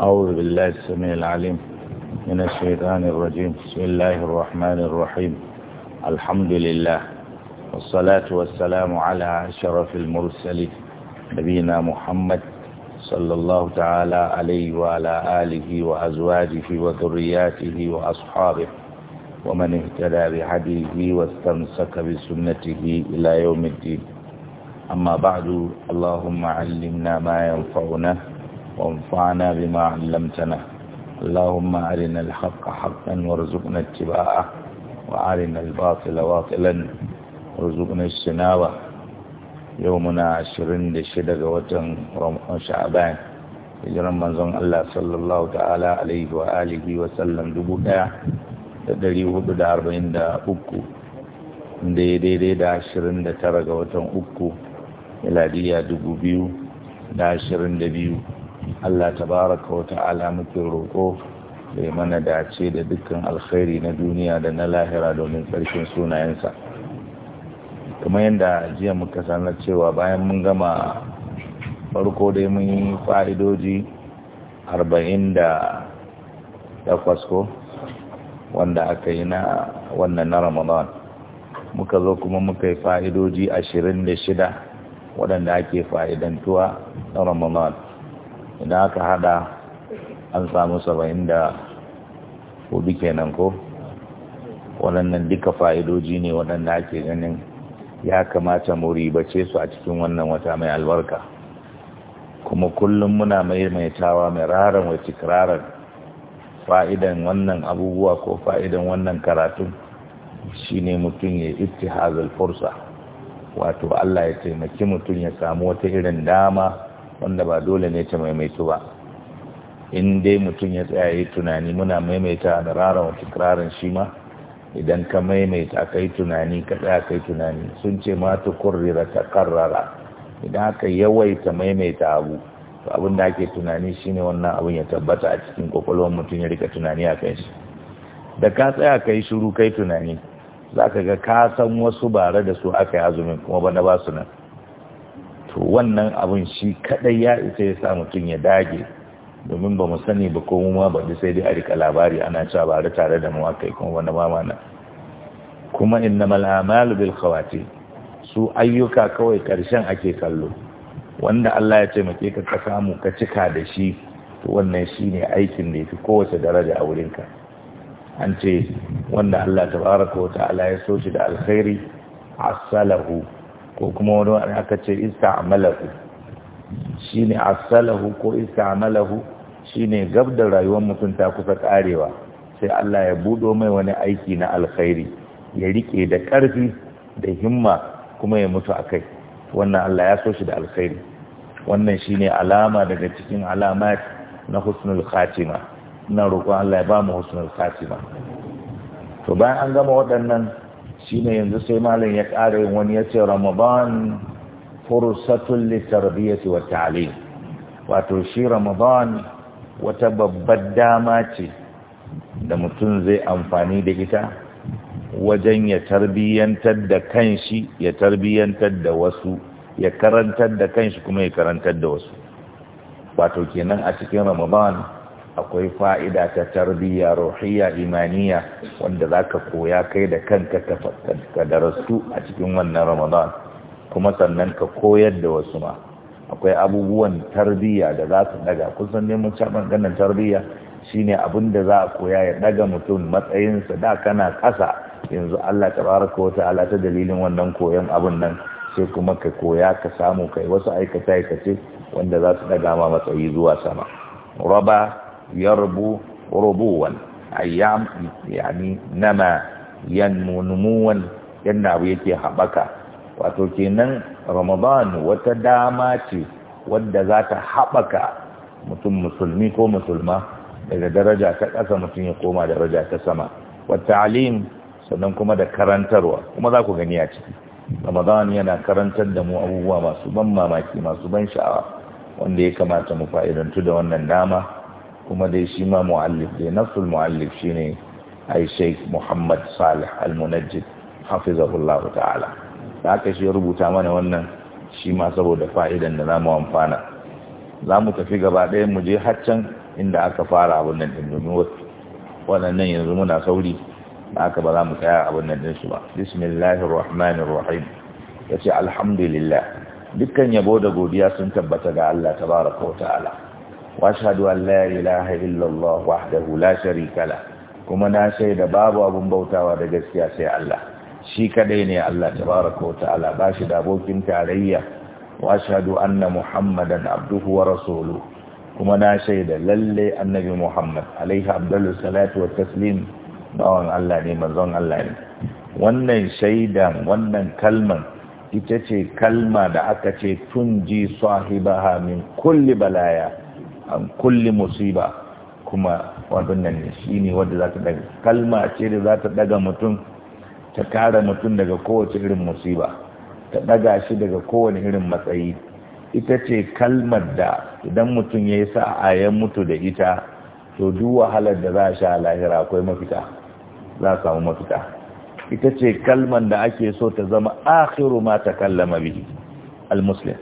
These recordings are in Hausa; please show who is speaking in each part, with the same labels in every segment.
Speaker 1: أعوذ بالله السميع العليم من الشيطان الرجيم بسم الله الرحمن الرحيم الحمد لله والصلاة والسلام على شرف المرسلين نبينا محمد صلى الله تعالى عليه وعلى آله وأزواجه وذرياته وأصحابه ومن اهتدى بهديه واستمسك بسنته إلى يوم الدين أما بعد اللهم علمنا ما ينفعنا وانفعنا بما علمتنا اللهم أرنا الحق حقا وارزقنا اتباعه وأرنا الباطل باطلا وارزقنا الشناوة يومنا عشرين لشدة وتن شعبان hijiran manzon Allah sallallahu alaihi wa alihi wa sallam dubu ɗaya da dari hudu da arba'in da uku daidai da ashirin da tara ga watan uku miladiya dubu biyu da ashirin da biyu Allah tabaraka wa ta'ala muke roƙo da ya mana dace da dukkan alkhairi na duniya da na lahira domin tsarkin sunayensa Kuma yadda jiya muka sanar cewa bayan mun gama farko dai mun yi fa'idoji arba'in da takwas ko wanda aka yi na wannan na ramadan muka zo kuma muka yi fa'idoji ashirin da shida waɗanda ake fa'idantuwa na ramadan idan aka hada an samu saba'in da hudu kenan ko waɗannan duka fa'idoji ne waɗanda ake ganin ya kamata mu ribace su a cikin wannan wata mai albarka kuma kullum muna maimaitawa mai raran wa kirarar fa'idan wannan abubuwa ko fa'idan wannan karatun ne mutum ya ittihazal fursa wato Allah ya taimaki mutum ya samu wata irin dama wanda ba dole ne ta maimaitu ba in dai mutum ya tsaya yi tunani muna maimaita da wata kirarin shi ma idan ka maimaita ka yi tunani ka tsaya ka yi tunani sun ce ma ta kurrira ta karrara idan aka yawaita maimaita abu to abin da ake tunani shine wannan abin ya tabbata a cikin kwakwalwar mutum ya rika tunani a kai shi da ka tsaya ka yi shuru ka yi tunani za ka ga ka san wasu bare da su aka yi azumin kuma bana ba su nan to wannan abin shi kadai ya isa ya sa mutum ya dage domin ba mu sani ba ko ma ba sai dai a rika labari ana cewa ba da tare da mawakai kuma wanda ba mana kuma inna amalu bil khawati su ayyuka kawai karshen ake kallo wanda Allah ya ce taimake ka ka samu ka cika da shi to wannan shine aikin da yake kowace daraja a wurinka an ce wanda Allah tabaraka wa ta'ala ya so shi da alkhairi asalahu ko kuma wani wani aka ce ista'amalahu shi ne asalahu ko ista'amalahu shi ne gab da rayuwar mutum ta kusa karewa sai Allah ya budo mai wani aiki na alkhairi ya rike da ƙarfi da himma kuma ya mutu a kai wannan Allah ya so shi da alkhairi wannan shi ne alama daga cikin alamat na husnul khatima ina roƙon Allah ya ba mu husnul khatima to bayan an gama waɗannan Shi ne yanzu sai malam ya ƙara yin wani ya ce ramadan fursatun litarbiyyati wa ta'lim wato shi ramadan wata babbar dama ce da mutum zai amfani da ita wajen ya tarbiyyantar da kanshi ya tarbiyyantar da wasu ya karantar da kanshi kuma ya karantar da wasu wato kenan a cikin ramadan akwai fa'ida ta tarbiyya ruhiyya imaniya wanda za ka koya kai da kanka ka darastu a cikin wannan ramadan kuma sannan ka koyar da wasu ma akwai abubuwan tarbiyya da za su daga kusan neman caban ganin tarbiyya shine abin da za a koya ya daga mutum matsayinsa da kana ƙasa yanzu Allah tabaraka wa ala ta dalilin wannan koyon abin nan sai kuma ka koya ka samu kai wasu aikace aikace wanda za su daga ma matsayi zuwa sama raba يربو ربوا أيام يعني نما ينمو نموا ينعو يكي حبكا وتوكينا رمضان وتدامات wadda ذات حبكا haɓaka mutum musulmi ko musulma daga daraja ta ƙasa mutum ya koma daraja ta sama wata sannan kuma da karantarwa kuma za ku gani a ciki ramadan yana karantar da mu abubuwa masu ban mamaki masu ban sha'awa wanda ya kamata mu fa'idantu da wannan dama kuma dai shi ma mu'allif dai nafsul mu'allif shine ai Sheikh Muhammad Salih Al-Munajjid hafizahullah ta'ala da aka shi rubuta mana wannan shi ma saboda fa'idan da zamu amfana zamu tafi gaba ɗaya mu je haccan inda aka fara abun nan din domin wannan yanzu muna sauri da aka ba za mu tsaya abun nan din su ba bismillahir rahmanir rahim yace alhamdulillah dukkan yabo da godiya sun tabbata ga Allah tabaraka wa ta'ala واشهد ان لا اله الا الله وحده لا شريك له kuma na shaida babu abun bautawa da gaskiya sai Allah shi kadai ne Allah tabaraka wa ta'ala bashi da abokin tarayya wa ashhadu anna muhammadan abduhu wa rasuluhu kuma na shaida lallai annabi muhammad alaihi abdullu salatu wa taslim bawan Allah ne manzon Allah ne wannan shaidan wannan kalman ita ce kalma da aka ce tun ji sahibaha kulli balaya an kulli musiba kuma wannan nan shi ne wanda za ta daga kalma ce da za ta daga mutum ta kare mutum daga kowace irin musiba ta daga shi daga kowane irin matsayi ita ce kalmar da idan mutum ya yi sa'a ya mutu da ita to duk wahalar da za a sha lahira akwai mafita za a samu mafita ita ce kalmar da ake so ta zama akhiru ma ta kallama bihi al-muslim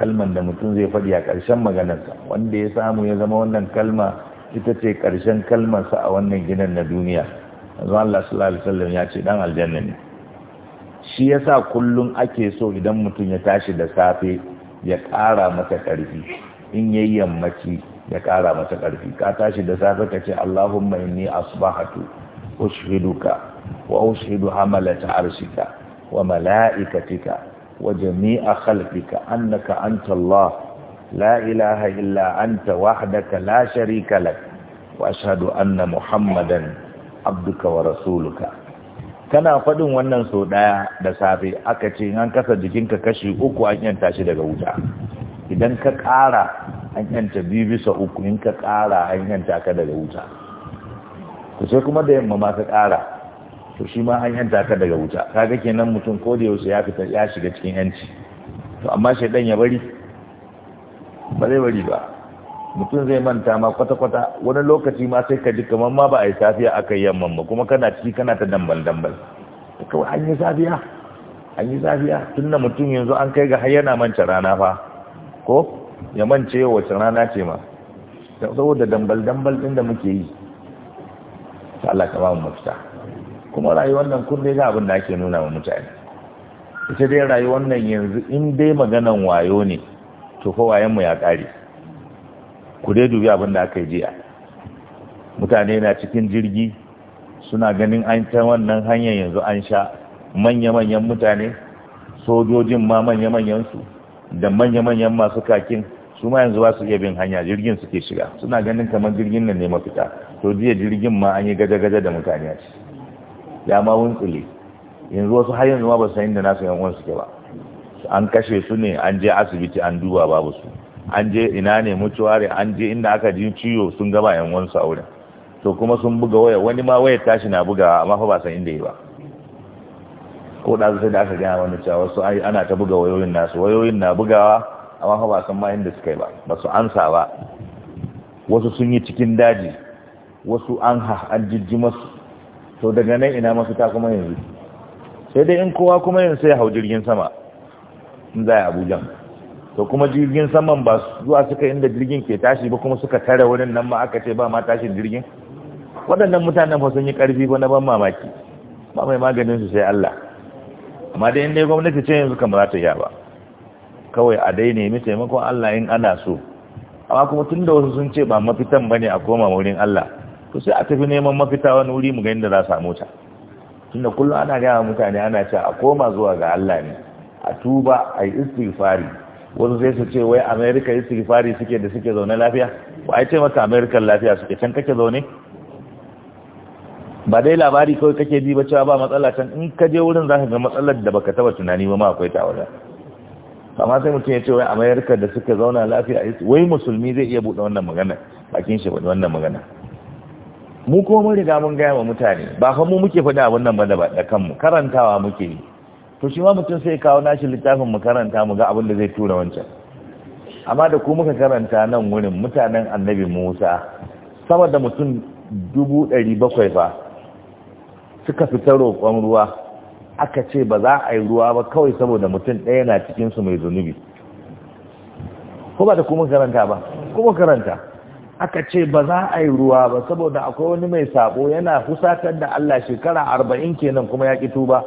Speaker 1: kalman da mutum zai faɗi a ƙarshen maganarsa wanda ya samu ya zama wannan kalma ita ce ƙarshen kalmarsa a wannan gidan na duniya yanzu Allah sallallahu alaihi wasallam ya ce dan aljanna ne shi yasa kullum ake so idan mutum ya tashi da safe ya ƙara masa ƙarfi in yayi yammaci ya ƙara masa ƙarfi ka tashi da safe ka ce Allahumma inni asbahatu ushhiduka wa ushhidu hamalata arshika wa mala'ikatika وجميع خلقك أنك أنت الله لا إله إلا أنت وحدك لا شريك لك وأشهد أن محمدا عبدك ورسولك kana faɗin wannan sau ɗaya da safe aka ce an kasa jikinka kashi uku an yanta shi daga wuta idan ka ƙara an yanta biyu bisa uku in ka ƙara an daga wuta ku kuma da yamma ma ka ƙara to shi ma an yanta ka daga wuta kaga kenan mutum ko da yaushe ya fita ya shiga cikin yanci to amma shaidan ya bari ba zai bari ba mutum zai manta ma kwata-kwata wani lokaci ma sai ka ji kamar ma ba a yi safiya aka yi yamman ba kuma kana ciki kana ta dambal-dambal kawai an yi safiya an yi safiya tun da mutum yanzu an kai ga har yana manta rana fa ko ya mance wace rana ce ma saboda dambal-dambal din da muke yi Allah ka ba mu mafita kuma rayuwar nan kun dai ga abin da ake nuna wa mutane ita dai rayuwar nan yanzu in dai maganan wayo ne to fa wayan mu ya kare ku dai dubi abin da aka yi jiya mutane na cikin jirgi suna ganin an ta wannan hanyar yanzu an sha manya-manyan mutane sojojin ma manya-manyan su da manya-manyan masu kakin su ma yanzu ba su iya bin hanya jirgin suke shiga suna ganin kamar jirgin nan ne mafita to jiya jirgin ma an yi gaje-gaje da mutane a ciki ya ma wunkule yanzu wasu har yanzu ma ba san inda nasu yan uwan suke ba an kashe su ne an je asibiti an duba babu su an je ina ne mutuware an je inda aka ji ciwo sun gaba yan uwan su a wurin to kuma sun buga waya wani ma waya tashi na bugawa amma fa ba san inda yi ba ko da sai da aka gaya wani cewa wasu ana ta buga wayoyin nasu wayoyin na bugawa amma fa ba san ma inda suka yi ba ba su ansa ba wasu sun yi cikin daji wasu an ha an jijji masu to daga nan ina mafita kuma yanzu sai dai in kowa kuma yanzu sai hau jirgin sama in za a abuja to kuma jirgin saman ba zuwa suka inda jirgin ke tashi ba kuma suka tare wurin nan ma aka ce ba ma tashin jirgin waɗannan mutanen ba sun yi ƙarfi ba na ban mamaki ba mai maganin su sai Allah amma dai in gwamnati ce yanzu kamar za ta yaba ba kawai a dai nemi taimakon Allah in ana so amma kuma tunda wasu sun ce ba mafitan bane a koma wurin Allah to sai a tafi neman mafita wani wuri mu ga inda za su samu ta tunda kullum ana gaya mutane ana cewa a koma zuwa ga Allah ne a tuba a yi istighfari wasu sai su ce wai america istighfari suke da suke zaune lafiya ba a ce maka america lafiya suke can kake zaune ba dai labari kawai kake ji ba cewa ba matsala can in ka je wurin za ka ga matsalar da baka taba tunani ba ma akwai ta wajen amma sai mutum ya ce wai america da suka zauna lafiya wai musulmi zai iya buɗe wannan magana bakin shi wannan magana mu kuma mun riga mun gaya wa mutane ba fa mu muke faɗi abin nan ba da kanmu karantawa muke yi to shi ma mutum sai kawo nashi littafin mu karanta mu ga abin da zai tura wancan amma da ku muka karanta nan wurin mutanen annabi Musa sama da mutum dubu ɗari bakwai ba suka fita roƙon ruwa aka ce ba za a yi ruwa ba kawai saboda mutum ɗaya na cikinsu mai zunubi ko ba da ku karanta ba kuma karanta aka ce ba za a yi ruwa ba saboda akwai wani mai sabo yana husatar da Allah shekara arba'in kenan kuma ya ƙi tuba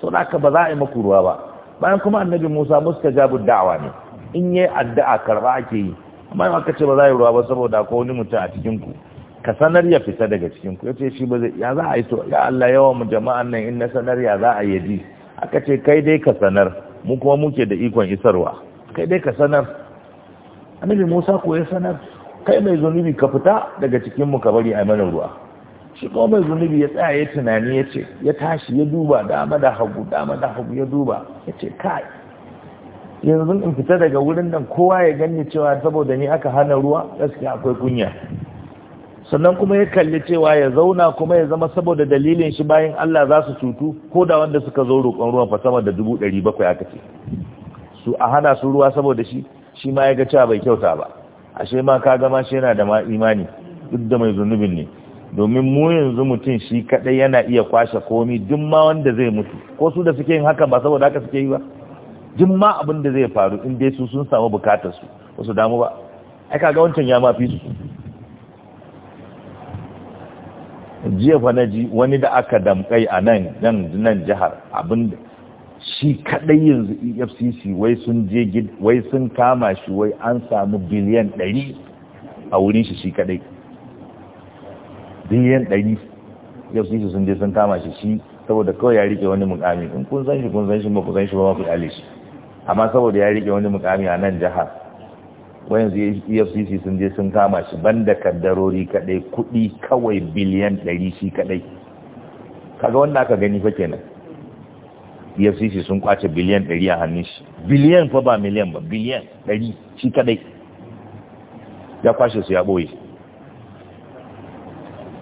Speaker 1: so da aka ba za a yi maku ruwa ba bayan kuma annabi musa ka jabu da'awa ne in yi addu'a karba ake yi amma aka ce ba za a yi ruwa ba saboda akwai wani mutum a cikinku ka sanar ya fita daga cikinku ya ce shi ba zai ya za a yi to ya Allah yawan mu jama'an nan in na sanar ya za a yi ji aka ce kai dai ka sanar mu kuma muke da ikon isarwa kai dai ka sanar annabi musa ko ya sanar kai mai zunubi ka fita daga cikin mu ka bari a mana ruwa shi ko mai zunubi ya tsaya ya tunani ya ce ya tashi ya duba dama da hagu dama da hagu ya duba ya ce kai yanzu in fita daga wurin nan kowa ya gani cewa saboda ni aka hana ruwa gaskiya akwai kunya sannan kuma ya kalli cewa ya zauna kuma ya zama saboda dalilin shi bayan Allah za su cutu ko da wanda suka zo roƙon ruwan fa sama da dubu ɗari bakwai aka ce su a hana su ruwa saboda shi shi ma ya ga cewa bai kyauta ba ashe ma ka gama shi yana da ma imani duk da mai zunubin ne domin mu yanzu mutum shi kadai yana iya kwashe komi duk ma wanda zai mutu ko su da suke yin haka ba saboda haka suke yi ba duk ma abin da zai faru in dai su sun samu bukatar su ba su damu ba ai kaga wancan ya mafi su jiya fa na ji wani da aka damkai a nan nan jihar abin shi kadai yanzu efcc wai sun je wai sun kama shi wai an samu biliyan 100 a wurin shi shi kadai biliyan 100 efcc sun je sun kama shi shi saboda kawai ya rike wani mukami in kun san shi kun san shi ba ku san shi ba ku yale shi amma saboda ya rike wani mukami a nan jihar yanzu efcc sun je sun kama shi banda kaddarori kadai kudi kawai biliyan 100 shi kadai kaga wannan aka gani fa kenan efcc sun kwace biliyan ɗari a hannun shi biliyan fa ba miliyan ba biliyan ɗari shi kadai ya kwashe su ya ɓoye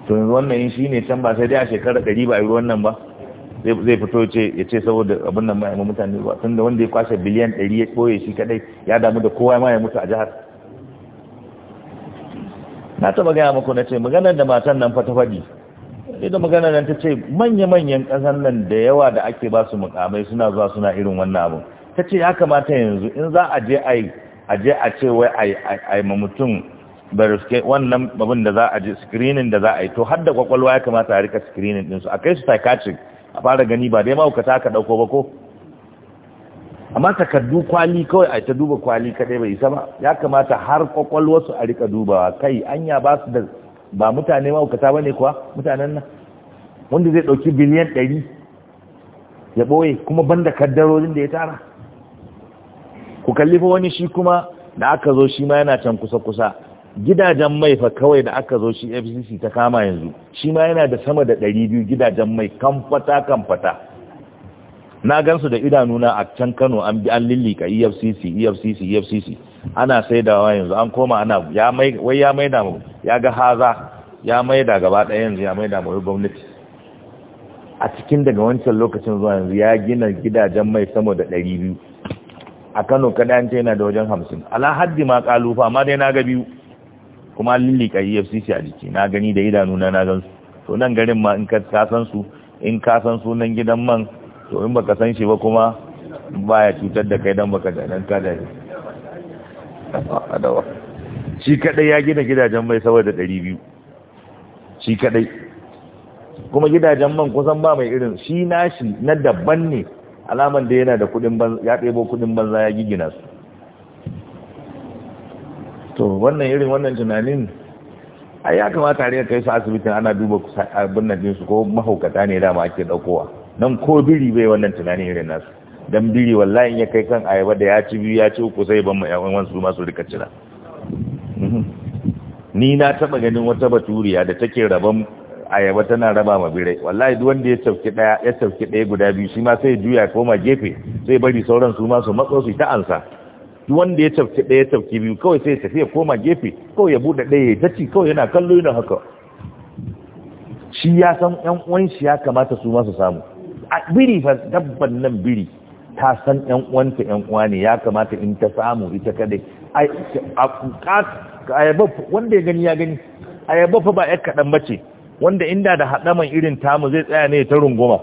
Speaker 1: to yanzu wannan yin shi ne can ba sai dai a shekarar ɗari ba a yi wannan ba zai fito ya ce saboda abin nan ma'aimu mutane ba tun da wanda ya kwashe biliyan ɗari ya ɓoye shi kadai ya damu da kowa ma ya mutu a jihar na taɓa gaya muku na ce maganar da matan nan fata faɗi sai da magana nan ta ce manya-manyan ƙasar nan da yawa da ake ba su mukamai suna zuwa suna irin wannan abu ta ce ya kamata yanzu in za a je a je a ce wai a yi mutum bariske wannan babin da za a je screening da za a yi to har da kwakwalwa ya kamata a rika screening ɗinsu a kai su psychiatric a fara gani ba dai mahaukata aka ɗauko ba ko amma takardu kwali kawai a ta duba kwali kaɗai bai isa ba ya kamata har su a rika dubawa kai anya ba su da ba mutane mahaukata ba ne kuwa mutanen nan wanda zai ɗauki biliyan ɗari ya ɓoye kuma banda kaddarorin da ya tara ku kalli fa wani shi kuma da aka zo shi ma yana can kusa-kusa gidajen mai fa kawai da aka zo shi fcc ta kama yanzu shi ma yana da sama da ɗari biyu gidajen mai kamfata kamfata na gansu da idanuna a can kano an bi an lillika efcc efcc efcc ana saidawa yanzu an koma ana ya mai wai ya maida mu ya ga haza ya maida gaba ɗaya yanzu ya maida mu gwamnati a cikin daga wancan lokacin zuwa yanzu ya gina gidajen mai sama da ɗari biyu a Kano kada an ce yana da wajen hamsin ala haddi ma kalufa ma dai na ga biyu kuma kai EFCC a jiki na gani da idanu na gan su to nan garin ma in ka san su in ka san sunan gidan man to in baka san shi ba kuma baya cutar da kai dan baka da nan ka da shi kadai ya gina gidajen mai saboda ɗari biyu shi kadai kuma gidajen man kusan ba mai irin shi nashi na daban ne alaman da yana da kudin ya ɗebo kudin banza ya gigina su to wannan irin wannan tunanin ai ya kamata ne kai su asibitin ana duba abin nan ko mahaukata ne dama ake ɗaukowa Nan ko biri bai wannan tunanin irin nasu dan biri wallahi ya kai kan ayaba da ya ci biyu ya ci uku sai ban mu ƴan wasu su ma su rika cira mhm. ni na taba ganin wata baturiya da take raban ayaba tana raba ma birai wallahi duk wanda ya sauki daya ya sauki daya guda biyu shi ma sai juya koma gefe sai bari sauran su ma su matso su ta ansa duk wanda ya sauki daya sauki biyu kawai sai ya tafi ya koma gefe kawai ya bude daya ya tace kawai yana kallo yana haka shi ya san yan uwan shi ya kamata su ma su samu a biri fa dabban nan biri ta san yan uwanta yan uwa ne ya kamata in ta samu ita kadai ai wanda ya gani ya gani ayaba fa ba yar kadan bace wanda inda da hadaman irin tamu zai tsaya ne ta runguma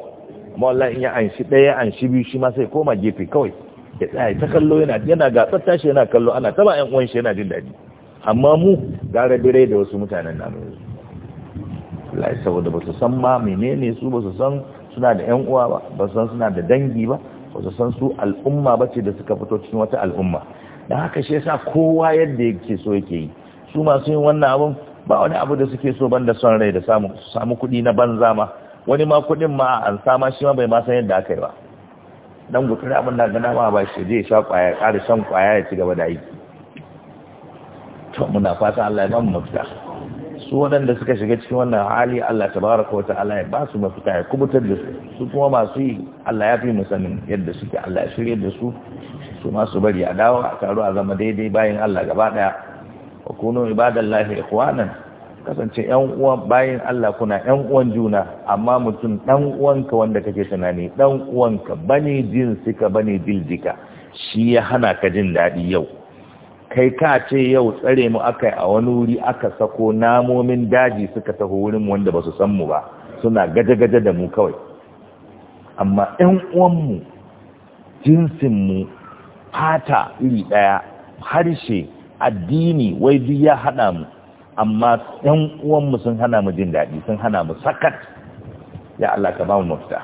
Speaker 1: amma wallahi in ya anshi daya anshi biyu shi ma sai koma gefe kawai ya tsaya ta kallo yana yana tsatta shi yana kallo ana taba yan uwan shi yana jin dadi amma mu gara bire da wasu mutanen namu wallahi saboda ba su san ma menene su ba su san suna da yan uwa ba ba su san suna da dangi ba ba su san su al'umma ba ce da suka fito cikin wata al'umma da haka shi yasa kowa yadda yake so yake yi su masu yin wannan abun ba wani abu da suke so banda son rai da samu samu kuɗi na banza ma wani ma kuɗin ma an sama shi ma bai ma san yadda aka yi ba dan gutsuri abin da gana ma ba shi zai sha kwaya ƙara shan kwaya ya ci gaba da aiki to muna fata Allah ya ba mu mafita su waɗanda suka shiga cikin wannan hali Allah tabaraka wa ta'ala ya ba su mafita ya kubutar da su su kuma masu yi Allah ya fi musanin yadda suke Allah ya shirya da su su masu bari a dawo a taru a zama daidai bayan Allah gaba daya wa kunu ibadallahi ikhwanan kasance yan uwan bayan Allah kuna yan uwan juna amma mutum dan uwanka wanda kake tunani dan uwanka bane jinsika bane dildika shi ya hana ka jin daɗi yau kai ka ce yau tsare mu aka a wani wuri aka sako namomin daji suka taho wurin wanda ba su san mu ba suna gaje-gaje da mu kawai amma ‘yan uwanmu jinsinmu fata iri ɗaya harshe addini wai duk ya haɗa mu amma ‘yan uwanmu sun hana mu jin daɗi sun hana mu sakat ya Allah ka ba mu mafita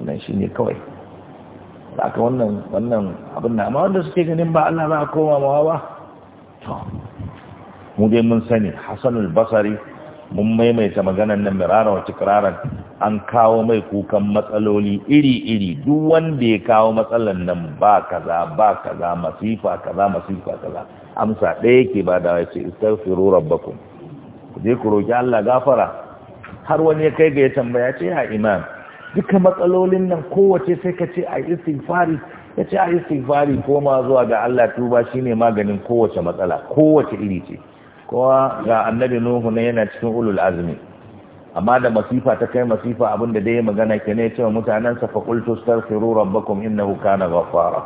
Speaker 1: wannan shi ne kawai da aka wannan wannan abin na amma wanda suke ganin ba Allah za a koma mawa ba to mu dai mun sani hasanul basari mun maimaita maganan nan mirara wa tikraran an kawo mai kukan matsaloli iri-iri duk wanda ya kawo matsalan nan ba kaza ba kaza masifa kaza masifa kaza amsa ɗaya yake ba da wace istaghfiru rabbakum ku je ku roki Allah gafara har wani ya kai ga ya tambaya ce ya imam duka matsalolin nan kowace sai ka ce a istighfari ya ce a koma zuwa ga Allah tuba shine maganin kowace matsala kowace iri ce kowa ga annabi nuhu na yana cikin ulul azumi. amma da masifa ta kai masifa abinda dai magana ke ne cewa mutanen sa fa qultu astaghfiru rabbakum innahu kana ghaffara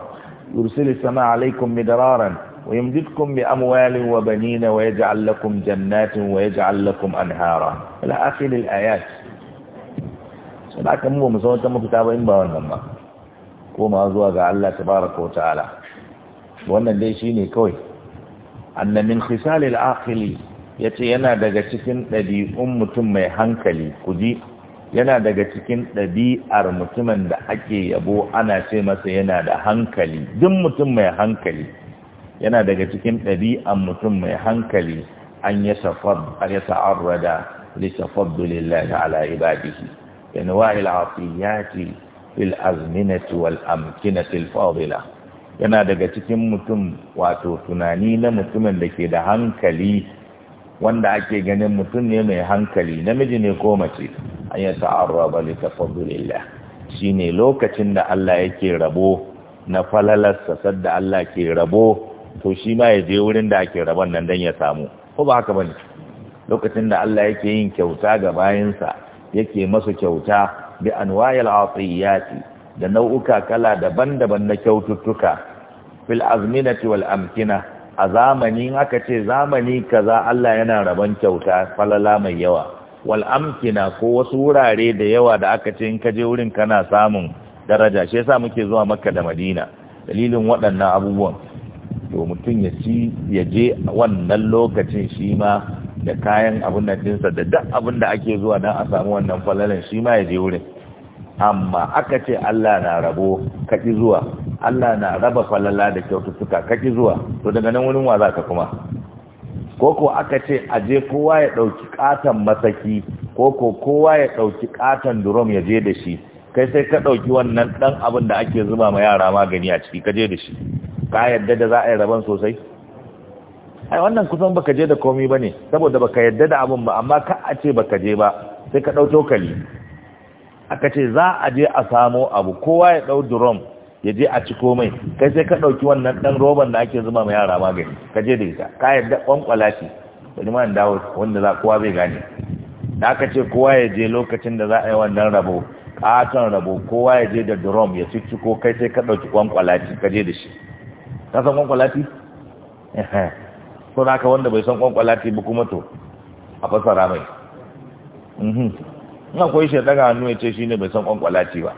Speaker 1: yursilu samaa alaikum Midararan. wa yumdidkum bi amwalin wa banina wa yaj'al lakum jannatin wa yaj'al lakum anhara ila akhir al ayat sai da kan mu mu san wata mafita ba in ba wannan ba koma zuwa ga Allah tabaraka wa ta'ala wannan dai shine kawai annamin min khisal al-aqli yace yana daga cikin ɗabi'un mutum mai hankali kuji yana daga cikin ɗabi'ar mutumin da ake yabo ana ce masa yana da hankali duk mutum mai hankali yana daga cikin ɗabi'an mutum mai hankali an ya safar ya ta'arrada li tafaddulillah ala ibadihi بأنواع العطيات في الأزمنة والأمكنة yana daga cikin mutum wato tunani na mutumin da ke da hankali wanda ake ganin mutum ne mai hankali namiji ne ko mace an yi ta'arraba li Shi shine lokacin da Allah yake rabo na falalarsa sadda Allah ke rabo to shi ma ya je wurin da ake rabon nan dan ya samu ko ba haka bane lokacin da Allah yake yin kyauta ga bayansa. yake masu kyauta bi anwayal atiyati da nau'uka kala daban-daban na kyaututtuka fil azminati wal amkina a zamani aka ce zamani kaza Allah yana rabon kyauta falala mai yawa wal amkina ko wasu wurare da yawa da aka ce in ka je wurin kana samun daraja shi yasa muke zuwa Makka da Madina dalilin waɗannan abubuwan to mutum ya ci ya je wannan lokacin shi ma da kayan abun da dinsa da duk abin da ake zuwa don a samu wannan falalan shi ma ya je wurin amma aka ce Allah na rabo kaki zuwa Allah na raba falala da kyaututtuka kaki zuwa to daga nan wurin wa zaka kuma ko aka ce aje kowa ya dauki katan masaki ko kowa ya dauki katan durom ya je da shi kai sai ka dauki wannan dan abin da ake zuba ma yara magani a ciki ka je da shi ka yadda da za a yi raban sosai ai wannan kusan baka je da komai bane saboda baka yadda da abun ba amma ka a ce baka je ba sai ka dau tokali aka ce za a je a samo abu kowa ya dau drum ya je a ci komai kai sai ka dauki wannan dan roban da ake zuba ma yara magani ka je da ita ka yadda kwankwala ce bari ma dawo wanda za kowa zai gane da aka ce kowa ya je lokacin da za a yi wannan rabo katon rabo kowa ya je da drum ya ci ko kai sai ka dauki kwankwala ce ka je da shi ka san kwankwala ce so da wanda bai san kwankwalati ba kuma to a fasara mai mhm. na koyi shi daga hannu ya ce shi ne bai san kwankwalati ba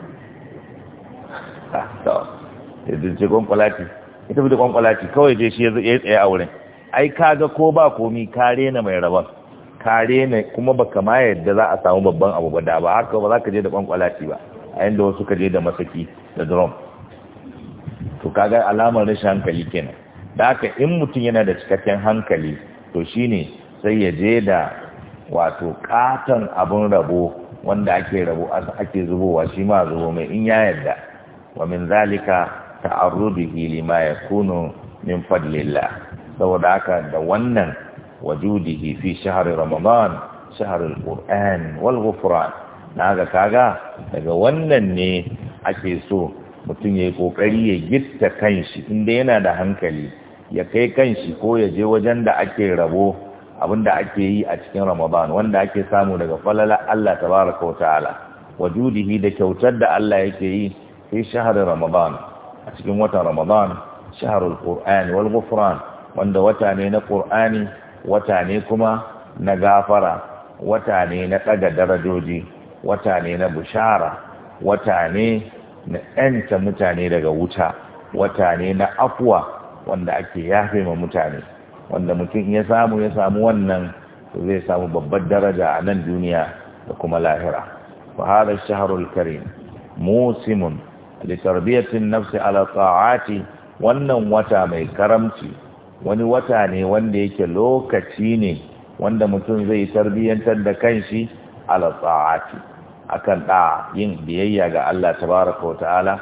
Speaker 1: da ce kwankwalati ita fi da kwankwalati kawai je shi ya tsaye a wurin ai kaga ko ba komi kare na mai rabon kare na kuma ba kama yadda za a samu babban abu ba da ba haka ba za ka je da kwankwalati ba a yadda wasu ka je da masaki da drum to kaga alamar rashin hankali kenan da haka in mutum yana da cikakken hankali to shi ne sai ya je da wato katon abin rabo wanda ake rabo ake zubowa shi ma zubo mai in ya yarda wa min zalika ta'arrudihi lima yakunu min fadlillah saboda haka da wannan wajudihi fi shahri ramadan shahrul qur'an wal ghufran naga kaga daga wannan ne ake so mutum ya yi kokari ya gitta kanshi inda yana da hankali ya kai kanshi ko ya je wajen da ake rabo abinda ake yi a cikin Ramadan wanda ake samu daga falala Allah tabaraka wataala wajudihi da kyautar da Allah yake yi fi shahar Ramadan a cikin watan Ramadan shahrul qur'ani wal Ghufran wanda wata ne na Qur'ani wata ne kuma na gafara wata ne na daga darajoji wata ne na bushara wata ne na ɗanta mutane daga wuta wata ne na afuwa. wanda ake yafe ma mutane wanda mutum ya samu ya samu wannan zai samu babbar daraja a nan duniya da kuma lahira fa hada shahrul karim musimun li tarbiyati an ala ta'ati wannan wata mai karamci wani wata ne wanda yake lokaci ne wanda mutum zai tarbiyantar da kanshi ala ta'ati akan da yin biyayya ga Allah tabaaraka wa ta'ala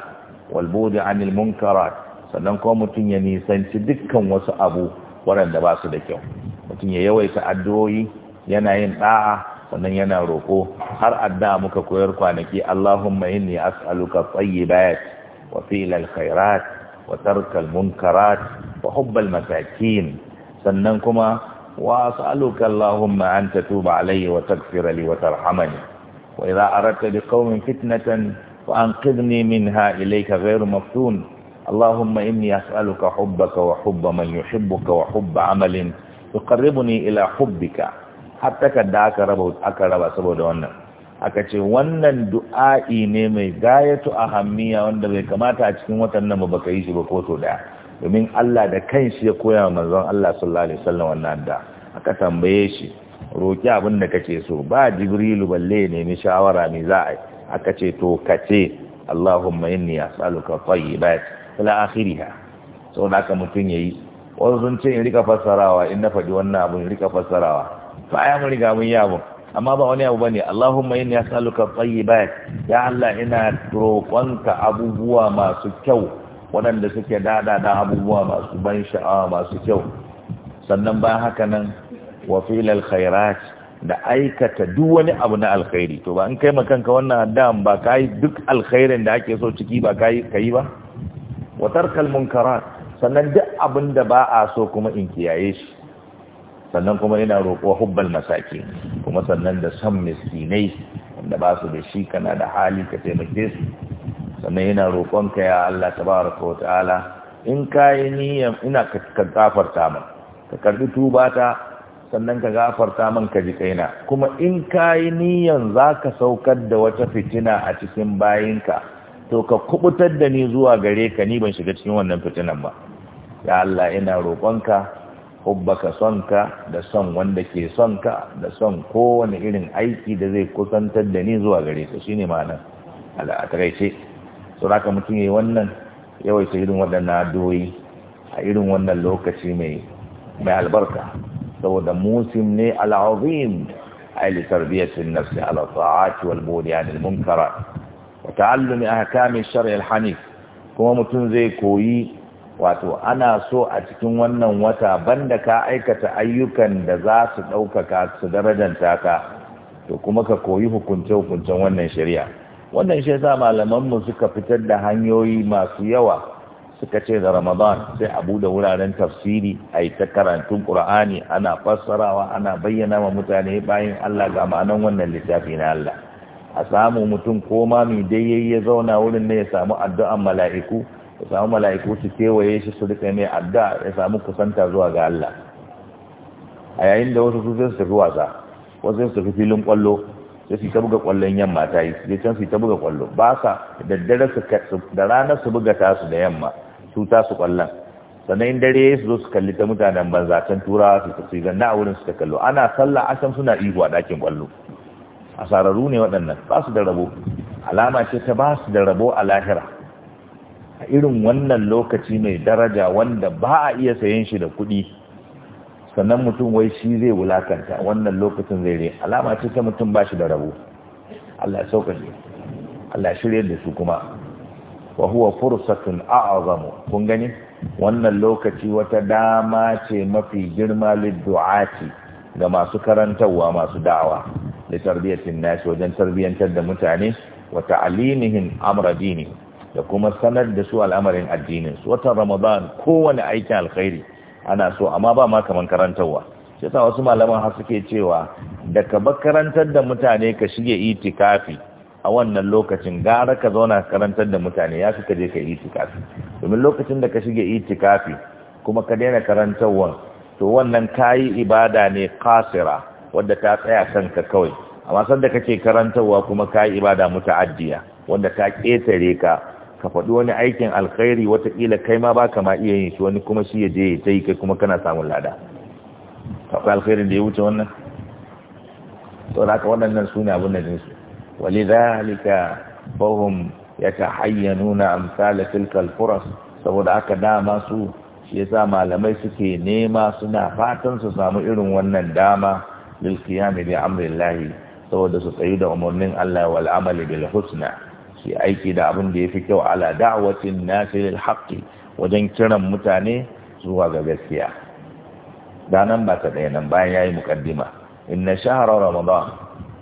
Speaker 1: wal bu'd 'anil munkarat sannan kuma mutum ya nisanci dukkan wasu abu waɗanda ba su da kyau mutum ya yawaita addu'o'i yana yin ɗa'a, sannan yana roko har adda muka koyar kwanaki Allahumma inni as'aluka tayyibat wa fi'lal khairat wa tarkal munkarat wa hubbal masakin sannan kuma wa as'aluka Allahumma an tatuba alayya wa taghfir li wa tarhamani wa idha aradta biqaumin fitnatan wa anqidhni minha ilayka ghayru maftun اللهم إني أسألك حبك وحب من يحبك وحب عمل يقربني إلى حبك حتى كدا أكرب أكرب سبود وانا akace wannan du'a'i ne mai gayatu ahammiya wanda bai kamata a cikin watan nan ba ka yi shi ba ko to ɗaya. domin Allah da kanshi ya koya wa manzon Allah sallallahu alaihi wasallam wannan da aka tambaye shi roki abin da kace so ba jibrilu balle ne ni shawara ne za a yi akace to kace Allahumma inni as'aluka tayyibat ila akhiriha saboda haka mutum yayi wasu sun ce in rika fassarawa in na faɗi wannan abu in rika fassarawa baya mun riga mun yi abu amma ba wani abu bane Allahumma inni as'aluka tayyibat ya Allah ina roƙonka abubuwa masu kyau waɗanda suke dada da abubuwa masu ban sha'awa masu kyau sannan ba haka nan wa al khairat da aikata duk wani abu na alkhairi to ba in kai makanka wannan addan ba kai duk alkhairin da ake so ciki ba kai kai ba wa tarkal munkarat sannan duk abin da ba a so kuma in kiyaye shi sannan kuma ina roƙo hubbal masaki kuma sannan da san miskinai wanda ba su da shi kana da hali ka taimake su sannan ina roƙonka ya Allah tabaraka wa ta'ala in yi niyyar ina ka gafarta min ka karbi tuba ta sannan ka gafarta min ka ji kaina kuma in yi niyyar zaka saukar da wata fitina a cikin bayinka to ka kubutar da ni zuwa gare ka ni ban shiga cikin wannan fitinan ba ya Allah ina roƙonka hubbaka sonka da son wanda ke sonka da son kowane irin aiki da zai kusantar da ni zuwa gare ka shine ma'anar Allah a takaice so haka mutum yayi wannan yawaita irin waɗannan addu'o'i a irin wannan lokaci mai mai albarka saboda musim ne al-azim ay tarbiyatin nafsi ala ta'ati wal munkara wa ta'allumi ahkami shar'i kuma mutum zai koyi wato ana so a cikin wannan wata banda ka aikata ayyukan da za su ɗaukaka su darajanta ka to kuma ka koyi hukunce-hukuncen wannan shari'a wannan shi yasa malamanmu suka fitar da hanyoyi masu yawa suka ce da ramadan sai a buɗe wuraren tafsiri a yi ta karantun ƙur'ani ana fassarawa ana bayyana wa mutane bayan allah ga ma'anan wannan littafi na allah a samu mutum ko ma mai dai yayi ya zauna wurin ne ya samu addu'an mala'iku ya samu mala'iku su kewaye shi su rika mai addu'a ya samu kusanta zuwa ga Allah a yayin da wasu su zai su tafi wasa wasu su tafi filin kwallo sai su ta buga kwallon yamma ta yi sai can su ta buga kwallo ba sa da daddare su da ranar su buga su da yamma su ta su kwallon sannan in dare su zo su kalli ta mutanen banza can turawa su ta su zanna a wurin su ta kallo ana sallah asham suna ihu a ɗakin kwallo sararu ne waɗannan ba su da rabo alama ce ta ba su da rabo a lahira a irin wannan lokaci mai daraja wanda ba a iya sayen shi da kuɗi sannan mutum wai shi zai wulakanta wannan lokacin zai re alama ce ta mutum ba shi da rabo Allah ya sauka shi Allah ya shirya da su kuma wa huwa fursatun a'azamu kun gani wannan lokaci wata dama ce mafi girma lid du'ati da masu karantarwa masu da'awa da tarbiyyatin nasi wajen tarbiyyantar da mutane wa ta'alimihim amra dini da kuma sanar da su al'amarin addinin su watan ramadan kowane aikin alkhairi ana so amma ba ma kaman karantarwa sai sa wasu malaman har suke cewa da ka ba karantar da mutane ka shige itikafi a wannan lokacin gara ka zauna karantar da mutane ya suka je ka itikafi domin lokacin da ka shige itikafi kuma ka daina karantarwa to wannan kayi ibada ne kasira wadda ta tsaya kanka kawai amma sanda kake karantarwa kuma kayi ibada muta'addiya wanda ta ketare ka ka faɗi wani aikin alkhairi watakila kai ma baka ma iya yin shi wani kuma shi ya je ya yi kai kuma kana samun lada akwai alkhairin da ya wuce wannan to da ka waɗannan su ne abin da jinsu walidhalika fahum yatahayyanuna amsal tilka alfuras saboda aka dama su shi yasa malamai suke nema suna fatan su samu irin wannan dama lil qiyam bi amrillah saboda su tsayu da umarnin Allah wal amali bil husna shi aiki da abin da yafi kyau ala da'watin nasi haqqi wajen kiran mutane zuwa ga gaskiya danan ba ta ɗaya nan bayan yayi muqaddima inna shahra ramadan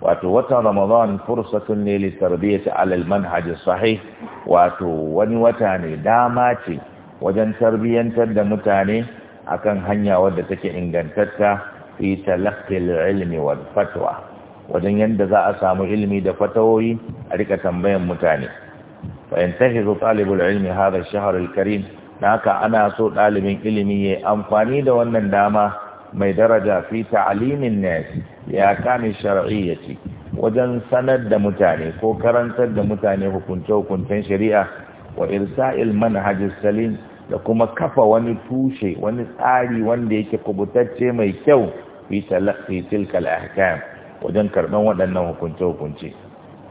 Speaker 1: wato watan ramadan fursatun ne li tarbiyati ala al manhaj sahih wato wani wata ne dama ce wajen tarbiyyantar da mutane akan hanya wadda take ingantatta fi talaqqil ilmi wal fatwa wajen yanda za a samu ilmi da fatawoyi a rika tambayan mutane fa yantahizu talibul ilmi hadha ash-shahr al-karim naka ana so dalibin ilimi yayi amfani da wannan dama mai daraja fi ta'limin nas ya kani shar'iyyati wajen sanar da mutane ko karantar da mutane hukunce-hukuncen shari'a wa irsa'il manhajis salim da kuma kafa wani tushe wani tsari wanda yake kubutacce mai kyau fi tilkal ahkam wajen karban waɗannan hukunce hukunce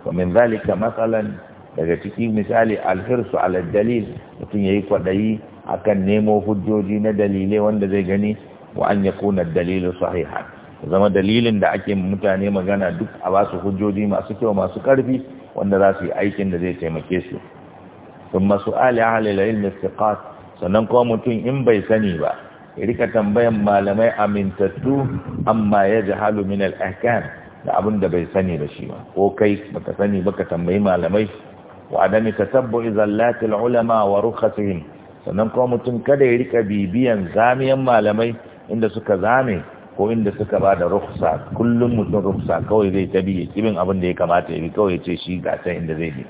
Speaker 1: wa min zalika matsalan daga ciki misali alhirsu ala dalil mutum yayi kwadayi akan nemo hujjoji na dalilai wanda zai gani wa an yakuna dalilu sahihan zama dalilin da ake mutane magana duk a basu hujjoji masu kyau masu karfi wanda za su yi aikin da zai taimake su ثم سؤال أهل العلم الثقات sannan kuma mutum in bai sani ba ya rika tambayan malamai amintattu amma ya halu min al'akan da abin da bai sani da shi ba ko kai baka sani baka tambayi malamai wa adami tabbo zallatil ulama wa rukhasihim sannan kuma mutum kada ya rika bibiyan zamiyan malamai inda suka zame ko inda suka ba da rukhsa kullum mutum rukhsa kawai zai tabi ya kibin abin da ya kamata ya bi kawai ya ce shi gasa inda zai bi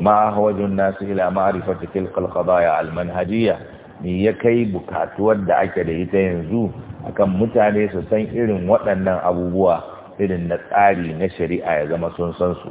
Speaker 1: وما أهوج الناس إلى معرفة تلك القضايا المنهجية ni ya kai bukatuwar da ake da ita yanzu akan mutane su san irin waɗannan abubuwa irin na tsari na shari'a ya zama sun san su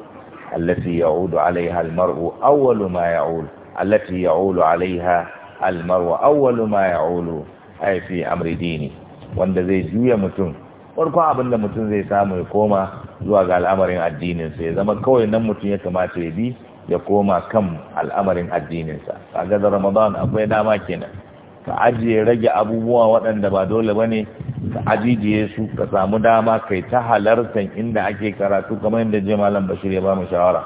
Speaker 1: allati ya'udu alaiha almar'u awwalu ma ya'ulu allati ya'ulu alaiha almar'u awwalu ma ya'ulu ay fi amri wanda zai juya mutum farko abin da mutum zai samu ya koma zuwa ga al'amarin addinin sa ya zama kawai nan mutum ya kamata ya bi ya koma kan al'amarin addininsa kaga da ramadan akwai dama kenan ka ajiye rage abubuwa waɗanda ba dole ba ne ka ajiye su ka samu dama kai ta halartar inda ake karatu kamar yadda je malam bashir ya ba mu shawara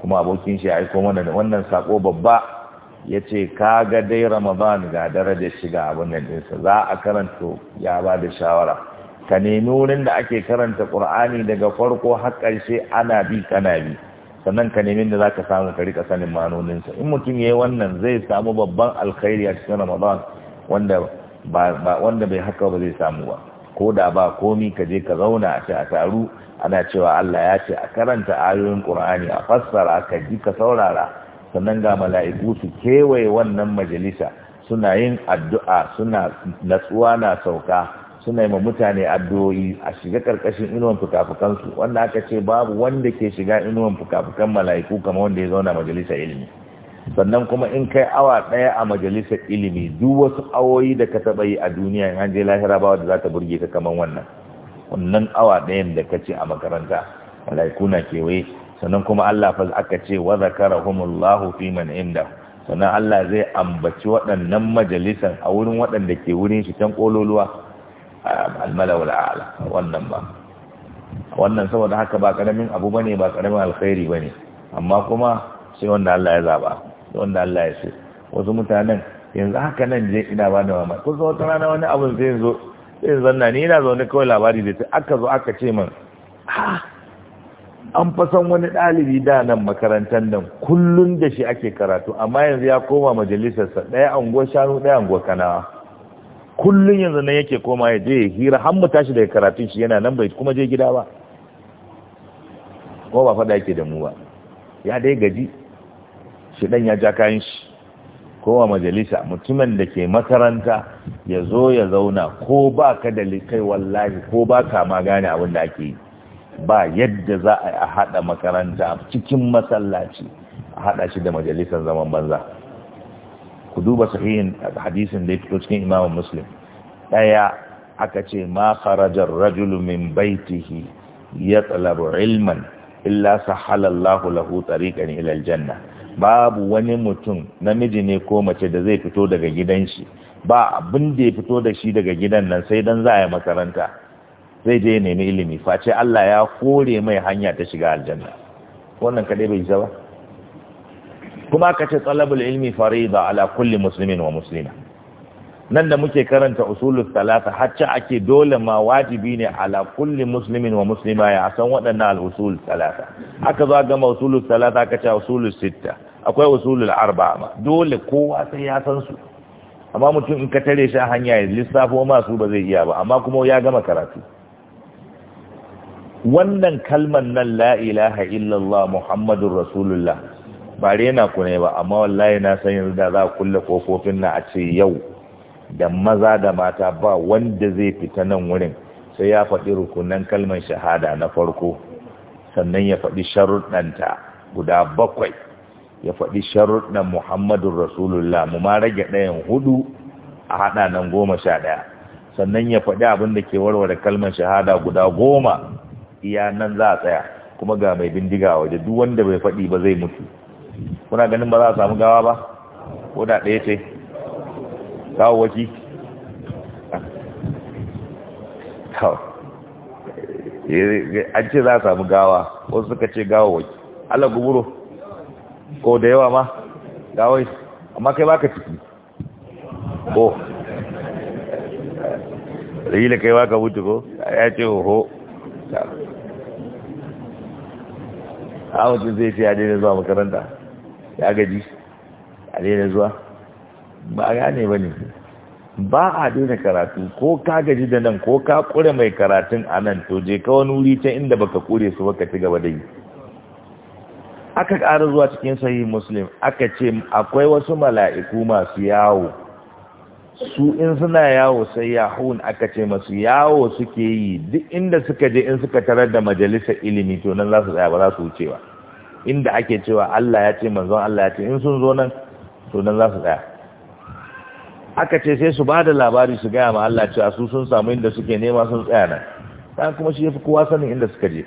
Speaker 1: kuma abokin shi ya aiko mana da wannan sako babba ya ce ka ga dai ramadan ga darajar shiga abin nan ɗinsa za a karanta ya ba da shawara ka nemi wurin da ake karanta ƙur'ani daga farko har ƙarshe ana bi kana bi sannan ka nemi da zaka samu ka rika sanin manoninsa in mutum yayi wannan zai samu babban alkhairi a cikin Ramadan wanda bai haka ba zai samu ba ko da ba komi ka je ka zauna a ce a taru ana cewa Allah ya ce a karanta ayoyin Qur'ani a fassara ka ji ka saurara sannan ga mala'iku su kewaye wannan majalisa suna yin addu'a suna natsuwa na sauka suna yi ma mutane addu'o'i a shiga karkashin inuwan fukafukansu wanda aka ce babu wanda ke shiga inuwan fukafukan mala'iku kamar wanda ya zauna majalisar ilimi sannan kuma in kai awa ɗaya a majalisar ilimi duk wasu awoyi da ka taɓa yi a duniya in an je lahira bawa da za ta burge ka kamar wannan wannan awa ɗayan da ka ce a makaranta mala'iku na kewaye sannan kuma Allah fa aka ce wa humullahu fi man inda sannan Allah zai ambaci waɗannan majalisan a wurin waɗanda ke wurin shi can ƙololuwa wal a'la wannan ba wannan saboda haka ba karamin abu bane ba karamin alkhairi bane amma kuma sai wanda Allah ya zaba sai wanda Allah ya so wasu mutanen yanzu haka nan je ina ba da mamaki kun wata rana wani abu sai yanzu sai zanna ni ina zaune kawai labari da ta aka zo aka ce min an san wani ɗalibi da nan makarantar nan kullun da shi ake karatu amma yanzu ya koma majalisarsa ɗaya anguwar shanu ɗaya anguwar kanawa Kullum yanzu nan yake koma ya je hira har mu tashi daga karatun shi yana nan bai kuma je gida ba ko ba faɗa yake da mu ba ya dai gaji shi dan ya ja kayan shi kowa majalisa mutumin da ke makaranta ya zo ya zauna ko ba ka da kai wallahi ko ba ka ma gane abin da ake yi ba yadda za a hada makaranta cikin masallaci a haɗa shi da majalisar zaman banza ku duba sahihin hadisin da ya cikin imamu muslim ɗaya aka ce ma kharajar rajulu min baitihi ya tsalabu ilman illa sahalallahu lahu tariqan ila aljanna babu wani mutum namiji ne ko mace da zai fito daga gidan shi ba abin da ya fito da shi daga gidan nan sai dan zai makaranta zai je nemi ilimi face Allah ya kore mai hanya ta shiga aljanna wannan kadai bai isa ba kuma ka ce talabul ilmi fariza ala kulli muslimin wa muslima nan da muke karanta usulul talata hacca ake dole ma wajibi ne ala kulli muslimin wa muslima ya san waɗannan al talata aka za ga usulul talata ka ce usulul sitta akwai usulul arba'a ma dole kowa sai ya san su amma mutum in ka tare shi a hanya ya lissafo ma su ba zai iya ba amma kuma ya gama karatu wannan kalman nan la ilaha illallah muhammadur rasulullah ba rena ku ne ba amma wallahi na san yanzu da za a kulle kofofin na a ce yau da maza da mata ba wanda zai fita nan wurin sai ya faɗi rukunan kalmar shahada na farko sannan ya faɗi sharuɗanta guda bakwai ya faɗi sharuɗan muhammadun rasulullah mu ma rage ɗayan hudu a haɗa nan goma sha ɗaya sannan ya faɗi abin da ke warware kalmar shahada guda goma iya nan za a tsaya kuma ga mai bindiga waje duk wanda bai faɗi ba zai mutu kuna ganin ba za a samu gawa ba ko da ɗaya ce kawo waki eh, an ce za a samu gawa ko suka ce gawa waki ala guburo ko da yawa ma gawai amma kai baka ciki ko da yi da kai baka mutu ko ya ce hoho a mutum zai ce a daina zuwa makaranta ya gaji a daina zuwa ba a gane ba ne ba a daina karatu ko ka gaji da nan ko ka kure mai karatun a nan to je ka wani wuri ta inda baka kure su baka ci gaba da yi aka ƙara zuwa cikin sahi muslim aka ce akwai wasu mala'iku masu yawo su in suna yawo sai yahun aka ce masu yawo suke yi duk inda suka je in suka tarar da majalisar ilimi to nan za su tsaya ba za su wuce ba inda ake cewa Allah ya ce manzon Allah ya ce in sun zo nan to nan za su tsaya aka ce sai su ba da labari su gaya ma Allah cewa su sun samu inda suke nema sun tsaya nan dan kuma shi yafi kowa sanin inda suka je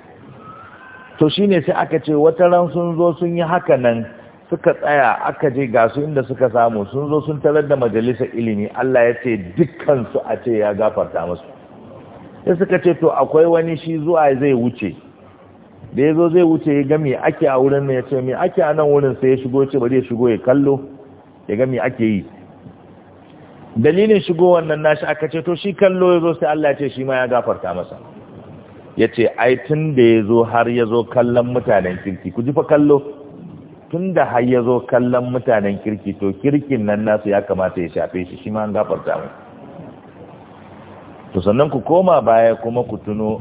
Speaker 1: to shine sai aka ce wata ran sun zo sun yi haka nan suka tsaya aka je ga su inda suka samu sun zo sun tarar da majalisar ilimi Allah ya ce dukkan su a ce ya gafarta musu sai suka ce to akwai wani shi zuwa zai wuce da ya zo zai wuce ya ga me ake a wurin mai ya ce me ake a nan wurin sai ya shigo ce ba zai shigo ya kallo ya ga me ake yi dalilin shigo wannan nashi aka ce to shi kallo ya zo sai Allah ya ce shi ma ya gafarta masa ya ce ai tun da ya zo har ya zo kallon mutanen kirki ku ji fa kallo tun da har ya zo kallon mutanen kirki to kirkin nan nasu ya kamata ya shafe shi shi ma an gafarta masa to sannan ku koma baya kuma ku tuno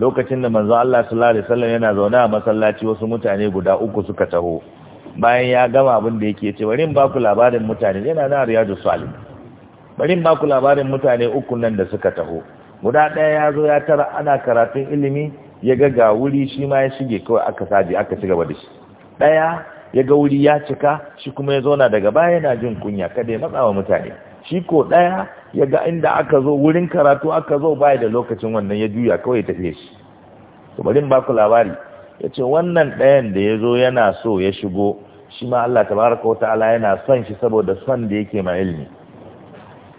Speaker 1: lokacin da manzo Allah sallallahu alaihi wasallam yana zaune a masallaci wasu mutane guda uku suka taho bayan ya gama abin da yake ce bari in ba ku labarin mutane yana na riyadu salim bari in ba labarin mutane uku nan da suka taho guda ɗaya ya zo ya tara ana karatun ilimi ya ga ga wuri shi ma ya shige kawai aka saje aka ci gaba da shi ɗaya ya ga wuri ya cika shi kuma ya zauna daga baya yana jin kunya kada ya matsa wa mutane shi ɗaya ya ga inda aka zo wurin karatu aka zo baya da lokacin wannan ya juya kawai tafiye shi to bari ba ku labari ya ce wannan ɗayan da ya zo yana so ya shigo shi ma Allah tabaraka wa ta'ala yana son shi saboda son da yake ma ilmi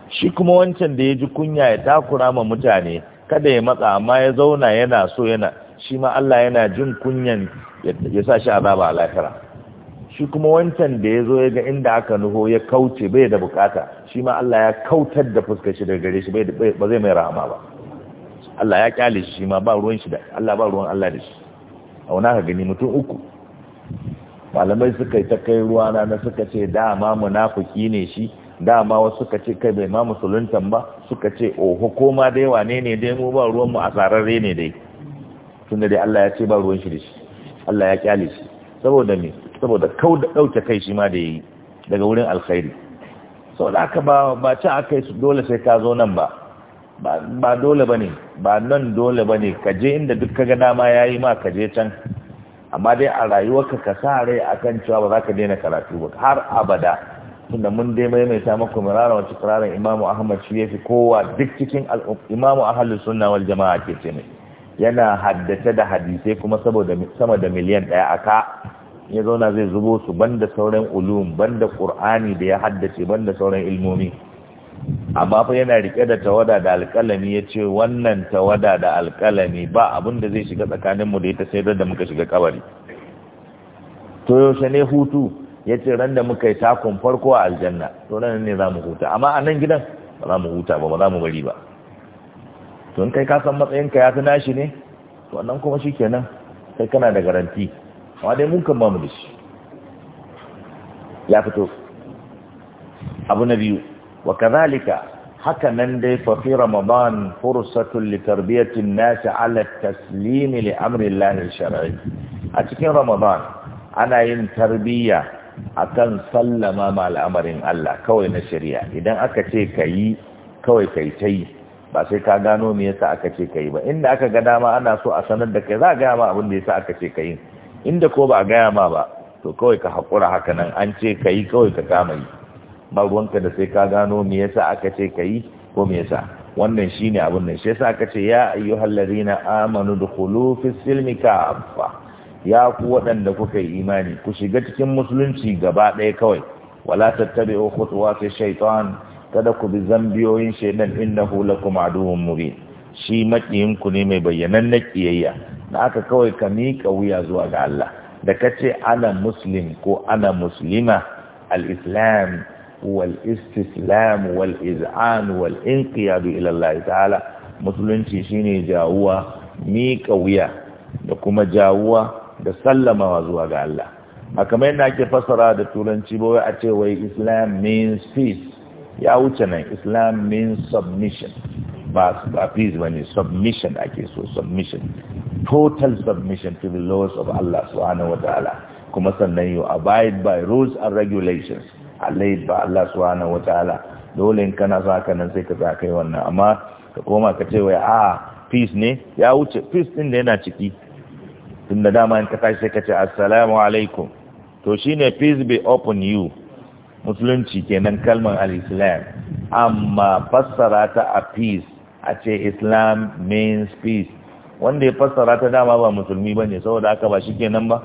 Speaker 1: shi kuma wancan da ya ji kunya ya takura ma mutane kada ya matsa amma ya zauna yana so yana shi ma Allah yana jin kunyan ya sa shi azaba a lahira shi kuma wancan da ya zo ya ga inda aka nuho ya kauce bai da bukata shi ma Allah ya kautar da fuskar shi daga gare shi ba zai mai rahama ba Allah ya kyale shi ma ba ruwan shi da Allah ba ruwan Allah da shi a wani haka gani mutum uku malamai suka yi ta kai ruwa na suka ce dama munafiki ne shi dama wasu suka ce kai bai ma musuluntan ba suka ce oho ko ma dai wane ne dai mu ba ruwan mu a sararre ne dai tunda dai Allah ya ce ba ruwan shi da shi Allah ya kyale shi saboda me saboda kau da ɗauke kai shi ma da yi daga wurin alkhairi sau da aka ba ba ci aka yi dole sai ka zo nan ba ba dole ba ne ba nan dole ba ne ka je inda duk ka ga dama ya yi ma ka je can amma dai a rayuwarka ka sa rai akan cewa ba za ka daina karatu ba har abada tunda mun dai maimaita maku mirara wacce kararin imamu ahmad shi ya fi kowa duk cikin imamu ahalus sunna wal jama'a ke ce mai yana haddace da hadisai kuma saboda sama da miliyan ɗaya aka. ya zauna zai zubo su banda sauran ulum banda qur'ani da ya haddace banda sauran ilmomi amma fa yana rike da tawada da alƙalami yace wannan tawada da alƙalami ba abin da zai shiga mu da ita sai da muka shiga kabari to yaushe ne hutu yace ce ran da muka yi takun farko a aljanna to nan ne za huta amma a nan gidan ba za mu huta ba ba za mu bari ba to in kai ka san matsayinka ya fi nashi ne to wannan kuma shikenan kai kana da garanti amma dai mun kan ba mu da shi ya fito abu na biyu wa kazalika haka nan dai fa fi ramadan fursatun li tarbiyatin nas ala taslim li amri Allah shar'i a cikin ramadan ana yin tarbiyya akan sallama ma al'amarin Allah kawai na shari'a idan aka ce kayi kawai kai tai ba sai ka gano me yasa aka ce kai ba inda aka ga dama ana so a sanar da kai za ga ma abin da yasa aka ce kai inda ko ba a gaya ma ba to kawai ka haƙura haka nan an ce ka yi kawai ka kama yi Marwanka da sai ka gano me yasa aka ce ka yi ko me yasa wannan shi ne abin nan shi yasa aka ce ya hallari na amanu da fis silmi kaffa ya ku waɗanda kuka yi imani ku shiga cikin musulunci gaba ɗaya kawai wala kutuwa sai shaitan? kada ku bi zambiyoyin shaidan inda hula kuma aduwwun mubin shi maƙiyinku ne mai bayyanan na kiyayya da aka kawai ka miƙa wuya zuwa ga Allah da ka ce ana muslim ko ana muslima al-islam wal istislam wal iz'an wal inqiyad ila ta'ala musulunci shine jawuwa miƙa wuya da kuma jawuwa da sallamawa zuwa ga Allah a kamar yadda ake fasara da turanci ba wai a ce wai islam means peace ya wuce nan islam means submission ba please ba ne submission ake so submission total submission to the laws of Allah subhanahu wa ta'ala kuma sannan you abide by rules and regulations alai ba Allah subhanahu wa ta'ala dole in kana sa ka nan sai ka zaka kai wannan amma ka koma ka ce wai a ah, peace ne ya wuce peace din da yana ciki tunda dama in ka tashi sai ka ce assalamu alaikum to shine peace be open you musulunci kenan kalmar al amma fassara ta a peace a ce islam means peace wanda ya fassara ta dama ba musulmi ba ne saboda aka ba shi kenan ba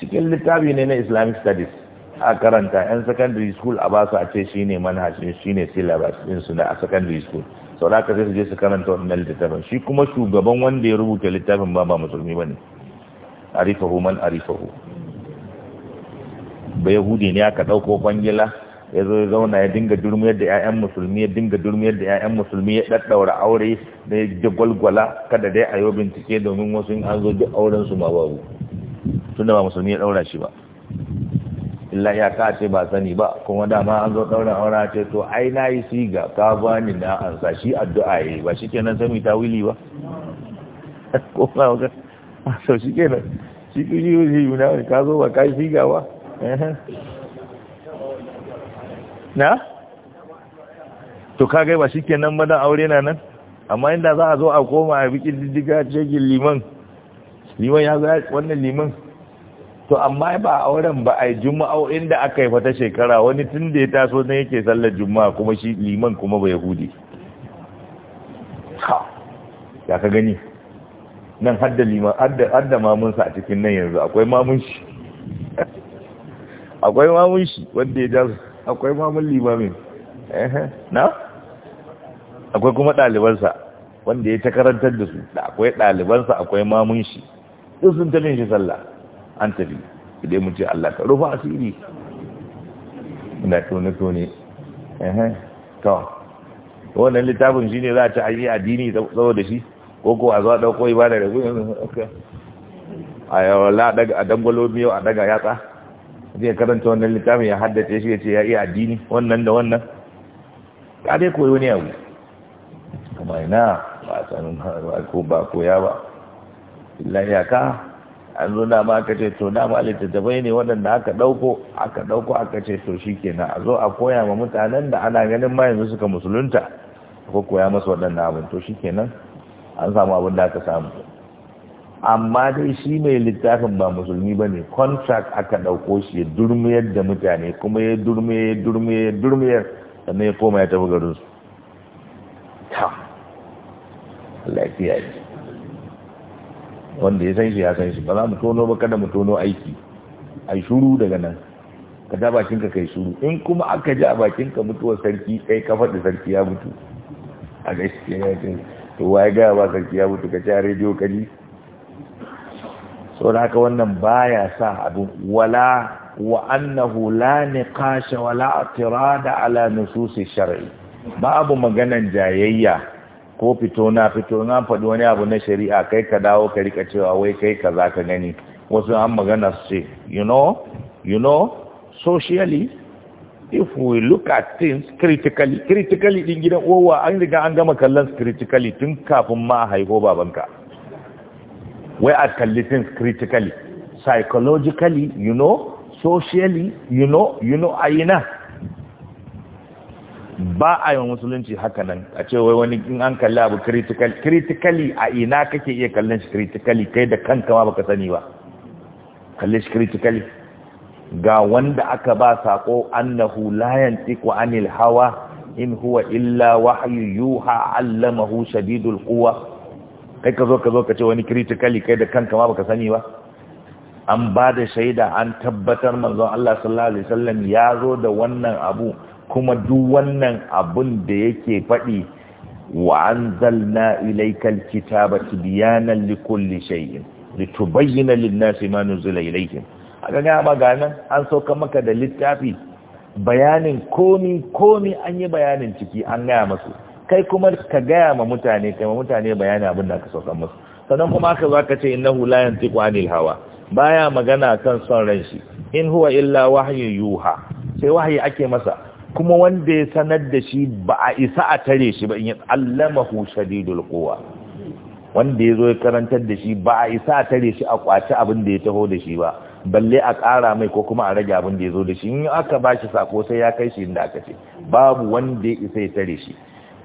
Speaker 1: cikin littafi ne na islamic studies a karanta yan secondary school a basu a ce shi ne manhajin shi ne syllabus ɗinsu na a secondary school sau da aka sai su je su karanta wannan littafin shi kuma shugaban wanda ya rubuta littafin ba ba musulmi ba ne arifahu man arifahu ba yahudi ne aka ɗauko kwangila ya zo ya zauna ya dinga durmiyar da 'ya'yan musulmi ya dinga durmiyar da 'ya'yan musulmi ya ɗaɗɗaura aure da ya gwalgwala kada dai a yi bincike domin wasu an zo duk auren su ma babu tun da ba musulmi ya ɗaura shi ba illa ya ka ce ba sani ba kuma dama an zo ɗaura aure ce to ai na yi siga ka bani na ansa shi addu'a yi ba shi kenan sami ta wili ba ko ma ga so shi kenan shi kuji yi na ka zo ba ka yi siga ba na to kagai ba shikenan ba dan aure na nan amma inda za a zo a koma a bikin diddiga cikin liman liman ya zai wannan liman to amma ba auren ba a yi juma'a inda aka yi fata shekara wani tun da ya taso ne yake sallar juma'a kuma shi liman kuma ba yahudi ha ya ka gani nan hadda liman hadda mamunsa a cikin nan yanzu akwai mamun shi akwai mamun shi wanda ya jasu akwai mamun limamin na akwai kuma ɗalibansa wanda ya ta karantar da su da akwai ɗalibansa akwai mamun shi duk sun tamin shi sallah an tafi idai ce Allah ka rufa asiri ina tone-tone to wannan littafin shi ne za a ci ayi addini saboda shi ko ko a zuwa ɗauko ibada da gudun a yawon la a dangwalo miyau a daga yatsa zai karanta wannan littafin ya haddace shi ya ce ya iya addini wannan da wannan ka dai koyi wani abu kuma ina ba a san ko ba koya ba illa iyaka an zo ma aka ce to dama littattafai ne waɗanda aka ɗauko aka ɗauko aka ce to shi kenan a zo a koya ma mutanen da ana ganin ma yanzu suka musulunta ko koya masu waɗannan abin to shi kenan an samu abin da aka samu amma dai shi mai littafin ba musulmi ba ne contract aka ɗauko shi ya durmiyar da mutane kuma ya durmiyar ya durmiyar ya durmiyar sannan ya koma ya tafi garin su ta lafiya ce wanda ya san shi ya san shi ba za mu tono ba kada mu tono aiki a shuru daga nan ka ta bakinka kai shuru in kuma aka ji a bakinka mutuwar sarki kai ka faɗi sarki ya mutu a gaskiya ya ce to waye gaya ba sarki ya mutu ka ci a rediyo ka ji saboda haka wannan baya sa abin wala wa annahu la niqasha wala atirada ala nususi shar'i abu maganan jayayya ko fito na fito na faɗi wani abu na shari'a kai ka dawo ka rika cewa wai kai ka za ka gani wasu an magana su ce you know you know socially if we look at things critically critically din gidan uwa an riga an gama kallon critically tun kafin ma haifo babanka wai a kalli listen critically psychologically you know socially you know you know a yi na ba a yi musulunci haka nan a ce wai wani in an kalli abu critically critically a ina kake iya kallon shi critically kai da kanka ma baka sani ba kalli shi critically ga wanda aka ba sako annahu layan yantiqu anil hawa in huwa illa wahyu yuha allamahu shadidul kuwa. kai ka zo ka zo ka ce wani critically kai da kanka ma baka sani ba an ba da shaida an tabbatar manzon Allah sallallahu alaihi wasallam ya zo da wannan abu kuma duk wannan abun da yake fadi wa anzalna ilayka alkitaba tibyana likulli shay'in litubayyana lin-nasi ma nuzila ilayhim aka ga ba ga nan an sauka maka da littafi bayanin komi komi an yi bayanin ciki an gaya masu kai kuma ka gaya ma mutane kai ma mutane bayani abin da ka sauka musu sannan kuma aka zo aka ce innahu la yantiqu anil hawa baya magana kan son ran shi in huwa illa wahyu yuha sai wahayi ake masa kuma wanda ya sanar da shi ba a isa a tare shi ba in ya allamahu shadidul quwa wanda ya zo ya karantar da shi ba a isa a tare shi a kwaci abin da ya taho da shi ba balle a ƙara mai ko kuma a rage abin da ya zo da shi in aka ba shi sako sai ya kai shi inda aka ce babu wanda ya isa ya tare shi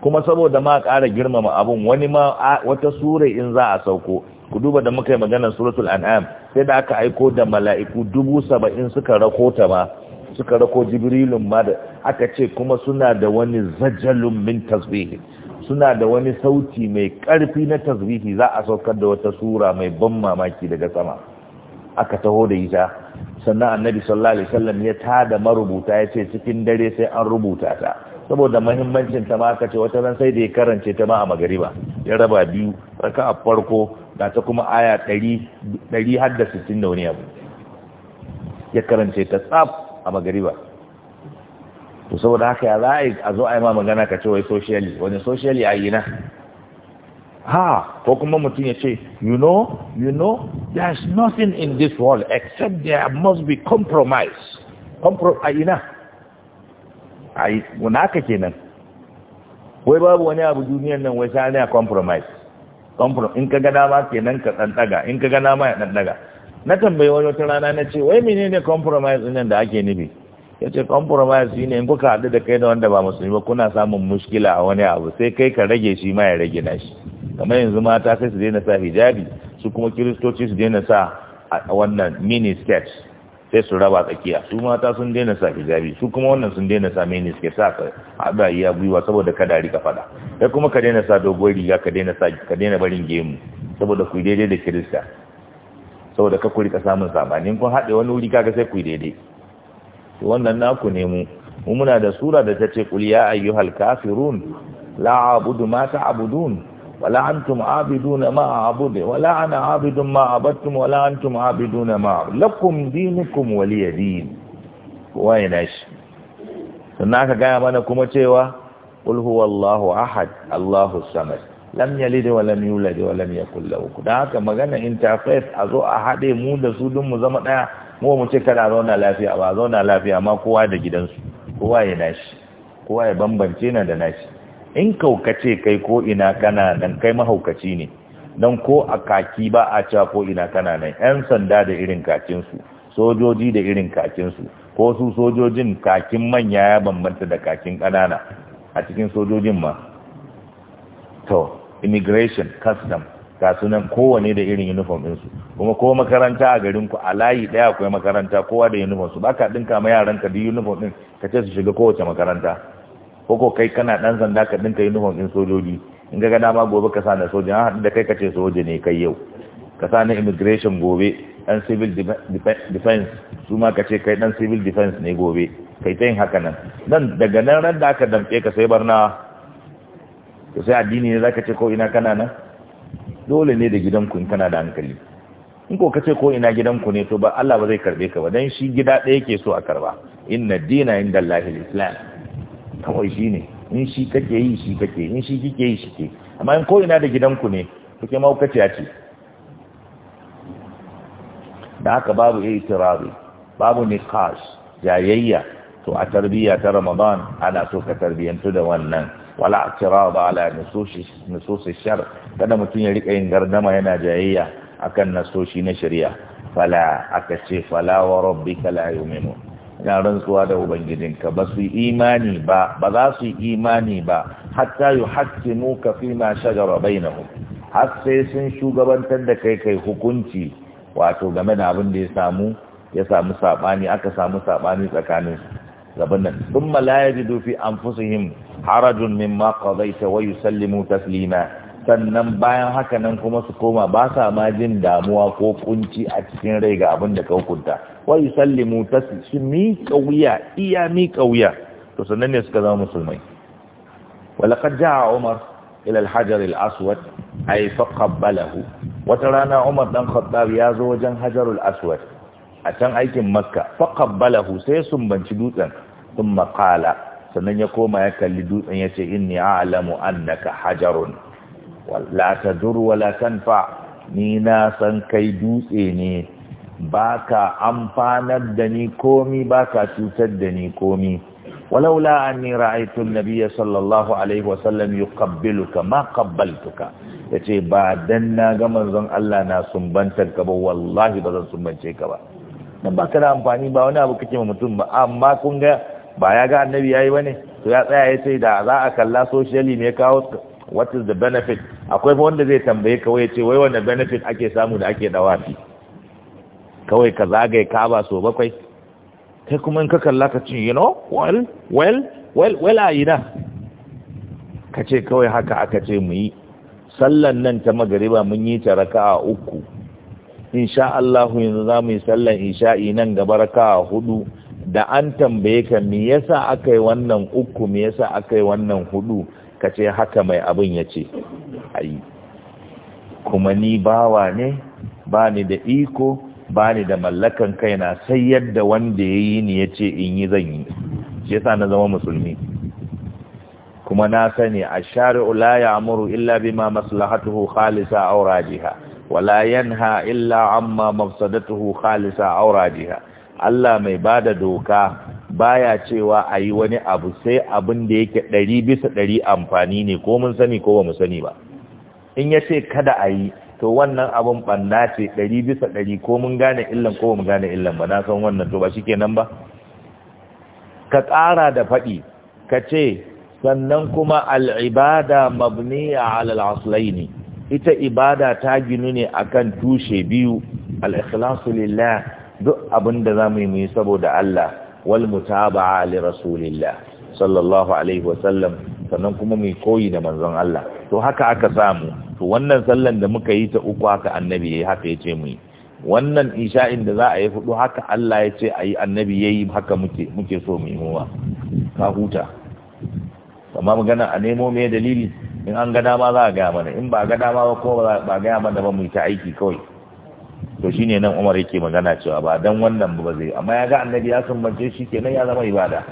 Speaker 1: kuma saboda ma ƙara girmama abun wani ma wata sura in za a sauko ku duba da muka yi maganar suratul an'am sai da aka aiko da mala'iku dubu saba'in suka rako ta ma suka rako jibrilun ma da aka ce kuma suna da wani zajalun min tasbihi suna da wani sauti mai ƙarfi na tasbihi za a saukar da wata sura mai ban mamaki daga sama aka taho da ita sannan annabi sallallahu alaihi wasallam ya tada marubuta ya ce cikin dare sai an rubuta ta saboda mahimmancin ta ma aka ce wata ran sai da ya karance ta ma a magariba ya raba biyu raka a farko da ta kuma aya ɗari har da sittin da wani abu ya karance ta tsaf a magariba to saboda haka ya za a zo a yi ma magana ka ce wai socially wani socially a yi na ha ko kuma mutum ya ce you know you know there's nothing in this world except there must be compromise compromise a ina Ayi yi kenan wai babu wani abu duniyan nan wai shani a compromise in ka gada ma kenan ka ɗanɗaga in ka gada ma ya ɗanɗaga na tambayi wani wata rana na ce wai menene compromise ɗin nan da ake nufi ya ce compromise shi ne in kuka haɗu da kai da wanda ba musulmi ba kuna samun mushkila a wani abu sai kai ka rage shi ma ya rage na shi kamar yanzu mata sai su daina sa hijabi su kuma kiristoci su daina sa a wannan mini sketch sai su raba tsakiya su mata sun daina sa hijabi su kuma wannan sun daina sa mai niske sa ka haɗa iya gwiwa saboda kada rika fada sai kuma ka daina sa dogon riga ka daina sa ka daina barin gemu saboda ku daidai da kirista saboda ka kuri ka samun sabanin kun haɗe wani wuri kaga sai ku daidai to wannan naku ne mu mu muna da sura da ta ce kul ya ayyuhal kafirun la a'budu ma ta'budun wala antum abiduna ma abudu wala ana abidun ma abattum wala antum abiduna ma lakum dinukum waliya din wai nashi sannan aka gaya mana kuma cewa qul huwallahu ahad allahu samad lam yalid wa lam yulad wa lam yakul lahu haka magana in a zo a hade mu da su dun mu zama ɗaya, mu mu ce kada zauna lafiya ba zauna lafiya ma kowa da gidansu kowa ya nashi kowa ya bambance na da nashi in kaukace kai ko ina kana nan kai mahaukaci ne don ko a kaki ba a cewa ko ina kana nan yan sanda da irin kakinsu sojoji da irin kakinsu ko su sojojin kakin manya ya bambanta da kakin ƙanana a cikin sojojin ma to immigration custom ga sunan kowane da irin uniform ɗinsu kuma ko makaranta a garinku a layi ɗaya akwai makaranta kowa da uniform su baka ɗinka ma yaranka duk uniform ɗin ka ce su shiga kowace makaranta ko ko kai kana dan sanda ka dinka uniform din sojoji in ga dama gobe ka sa na soja ha da kai ka ce soja ne kai yau ka sa na immigration gobe dan civil defense su ma ka ce kai dan civil defense ne gobe kai ta yin haka nan nan daga nan ran da aka dambe ka sai barna ka sai addini ne zaka ce ko ina kana nan dole ne da gidanku in kana da hankali in ko kace ko ina gidanku ne to ba Allah ba zai karbe ka ba dan shi gida ɗaya yake so a karba inna dina inda Allahil Islam kawai shi ne in shi kake yi shi kake in shi kike yi shi ke amma in ko'ina da gidanku ne kuke maukaciya ce da haka babu yi turabi babu nikash jayayya to a tarbiyya ta ramadan ana so ka tarbiyyantu da wannan wala a ba ala nasoshi shar kada mutum ya rika yin gardama yana jayayya akan nasoshi na shari'a fala aka ce fala wa rabbika la yu'minun na rantsuwa da ubangijinka ba su imani ba ba za su imani ba hatta yi hakimu ka fi ma shagara bainahu har sai sun shugabantar da kai kai hukunci wato game da abin da ya samu ya samu sabani aka samu saɓani tsakanin gaban nan sun malayaji dufi an fusuhim harajun mimma qadaita wa yusallimu taslima sannan bayan hakanan nan kuma su koma ba sa ma jin damuwa ko kunci a cikin rai ga abin da ka hukunta wa yusallimu su miƙa wuya iya miƙa wuya to sannan ne suka zama musulmai walaqad jaa umar ila al-hajar al-aswad ay faqabbalahu wata rana umar dan khattab ya zo wajen hajar al-aswad a can aikin makka faqabbalahu sai sumbanci dutsen thumma qala sannan ya koma ya kalli dutsen yace inni a'lamu annaka hajarun la tadur wala tanfa ni na san kai dutse ne baka amfanar da ni komi baka cutar da ni komi walaula anni ra'aytu an-nabiyya sallallahu alaihi sallam, yuqabbiluka ma qabbaltuka yace ba dan na ga manzon Allah na sumbantar ka ba wallahi ba zan sumbance ka ba dan baka da amfani ba wani abu kake ma mutum ba amma kun ga ba ya ga annabi yayi bane to ya tsaya yace da za a kalla socially me kawo what is the benefit akwai wanda zai tambaye kawai ya ce wai wanda benefit ake samu da ake dawafi kawai ka zagaye kaba so bakwai kai kuma in ka kalla ka ce you know well well well well a na ka ce kawai haka aka ce mu yi sallan nan ta magariba mun yi ta raka'a uku insha Allah yanzu za mu yi sallan isha'i nan gaba raka'a hudu da an tambaye ka me yasa aka yi wannan uku me yasa aka yi wannan hudu ka ce haka mai abin ya ce ayi kuma ni bawa ne ba ni da iko ba ni da mallakan kaina sai yadda wanda ya yi ni ya ce in yi zan yi shi yasa na zama musulmi kuma na sani a shari'u la ya'muru illa bima maslahatuhu khalisa aw rajiha wala yanha illa amma mafsadatuhu khalisa aw rajiha Allah mai bada doka baya cewa a yi wani abu sai abin da yake ɗari bisa ɗari amfani ne ko mun sani ko ba mu sani ba in ya ce kada a yi to wannan abin ɓanna ce ɗari bisa ɗari ko mun gane illan ko mu gane illan ba na san wannan to ba shi kenan ba ka ƙara da faɗi ka ce sannan kuma al'ibada a alal'asulai ne ita ibada ta ginu ne akan tushe biyu al lillah duk abin da za mu yi saboda Allah wal mutaba'a li rasulillah sallallahu alaihi wasallam sannan kuma mai koyi da manzon Allah to haka aka samu to wannan sallan da muka yi ta uku haka annabi yayi haka yace mu wannan isha'in da za a yi hudu haka Allah ya ce ayi annabi yayi haka muke muke so mu yi muwa ka huta amma magana a nemo me dalili in an ga dama za a ga mana in ba ga dama ba ko ba ga mana ba mu yi ta aiki kawai to shine nan Umar yake magana cewa ba dan wannan ba zai amma ya ga annabi ya mace shi kenan ya zama ibada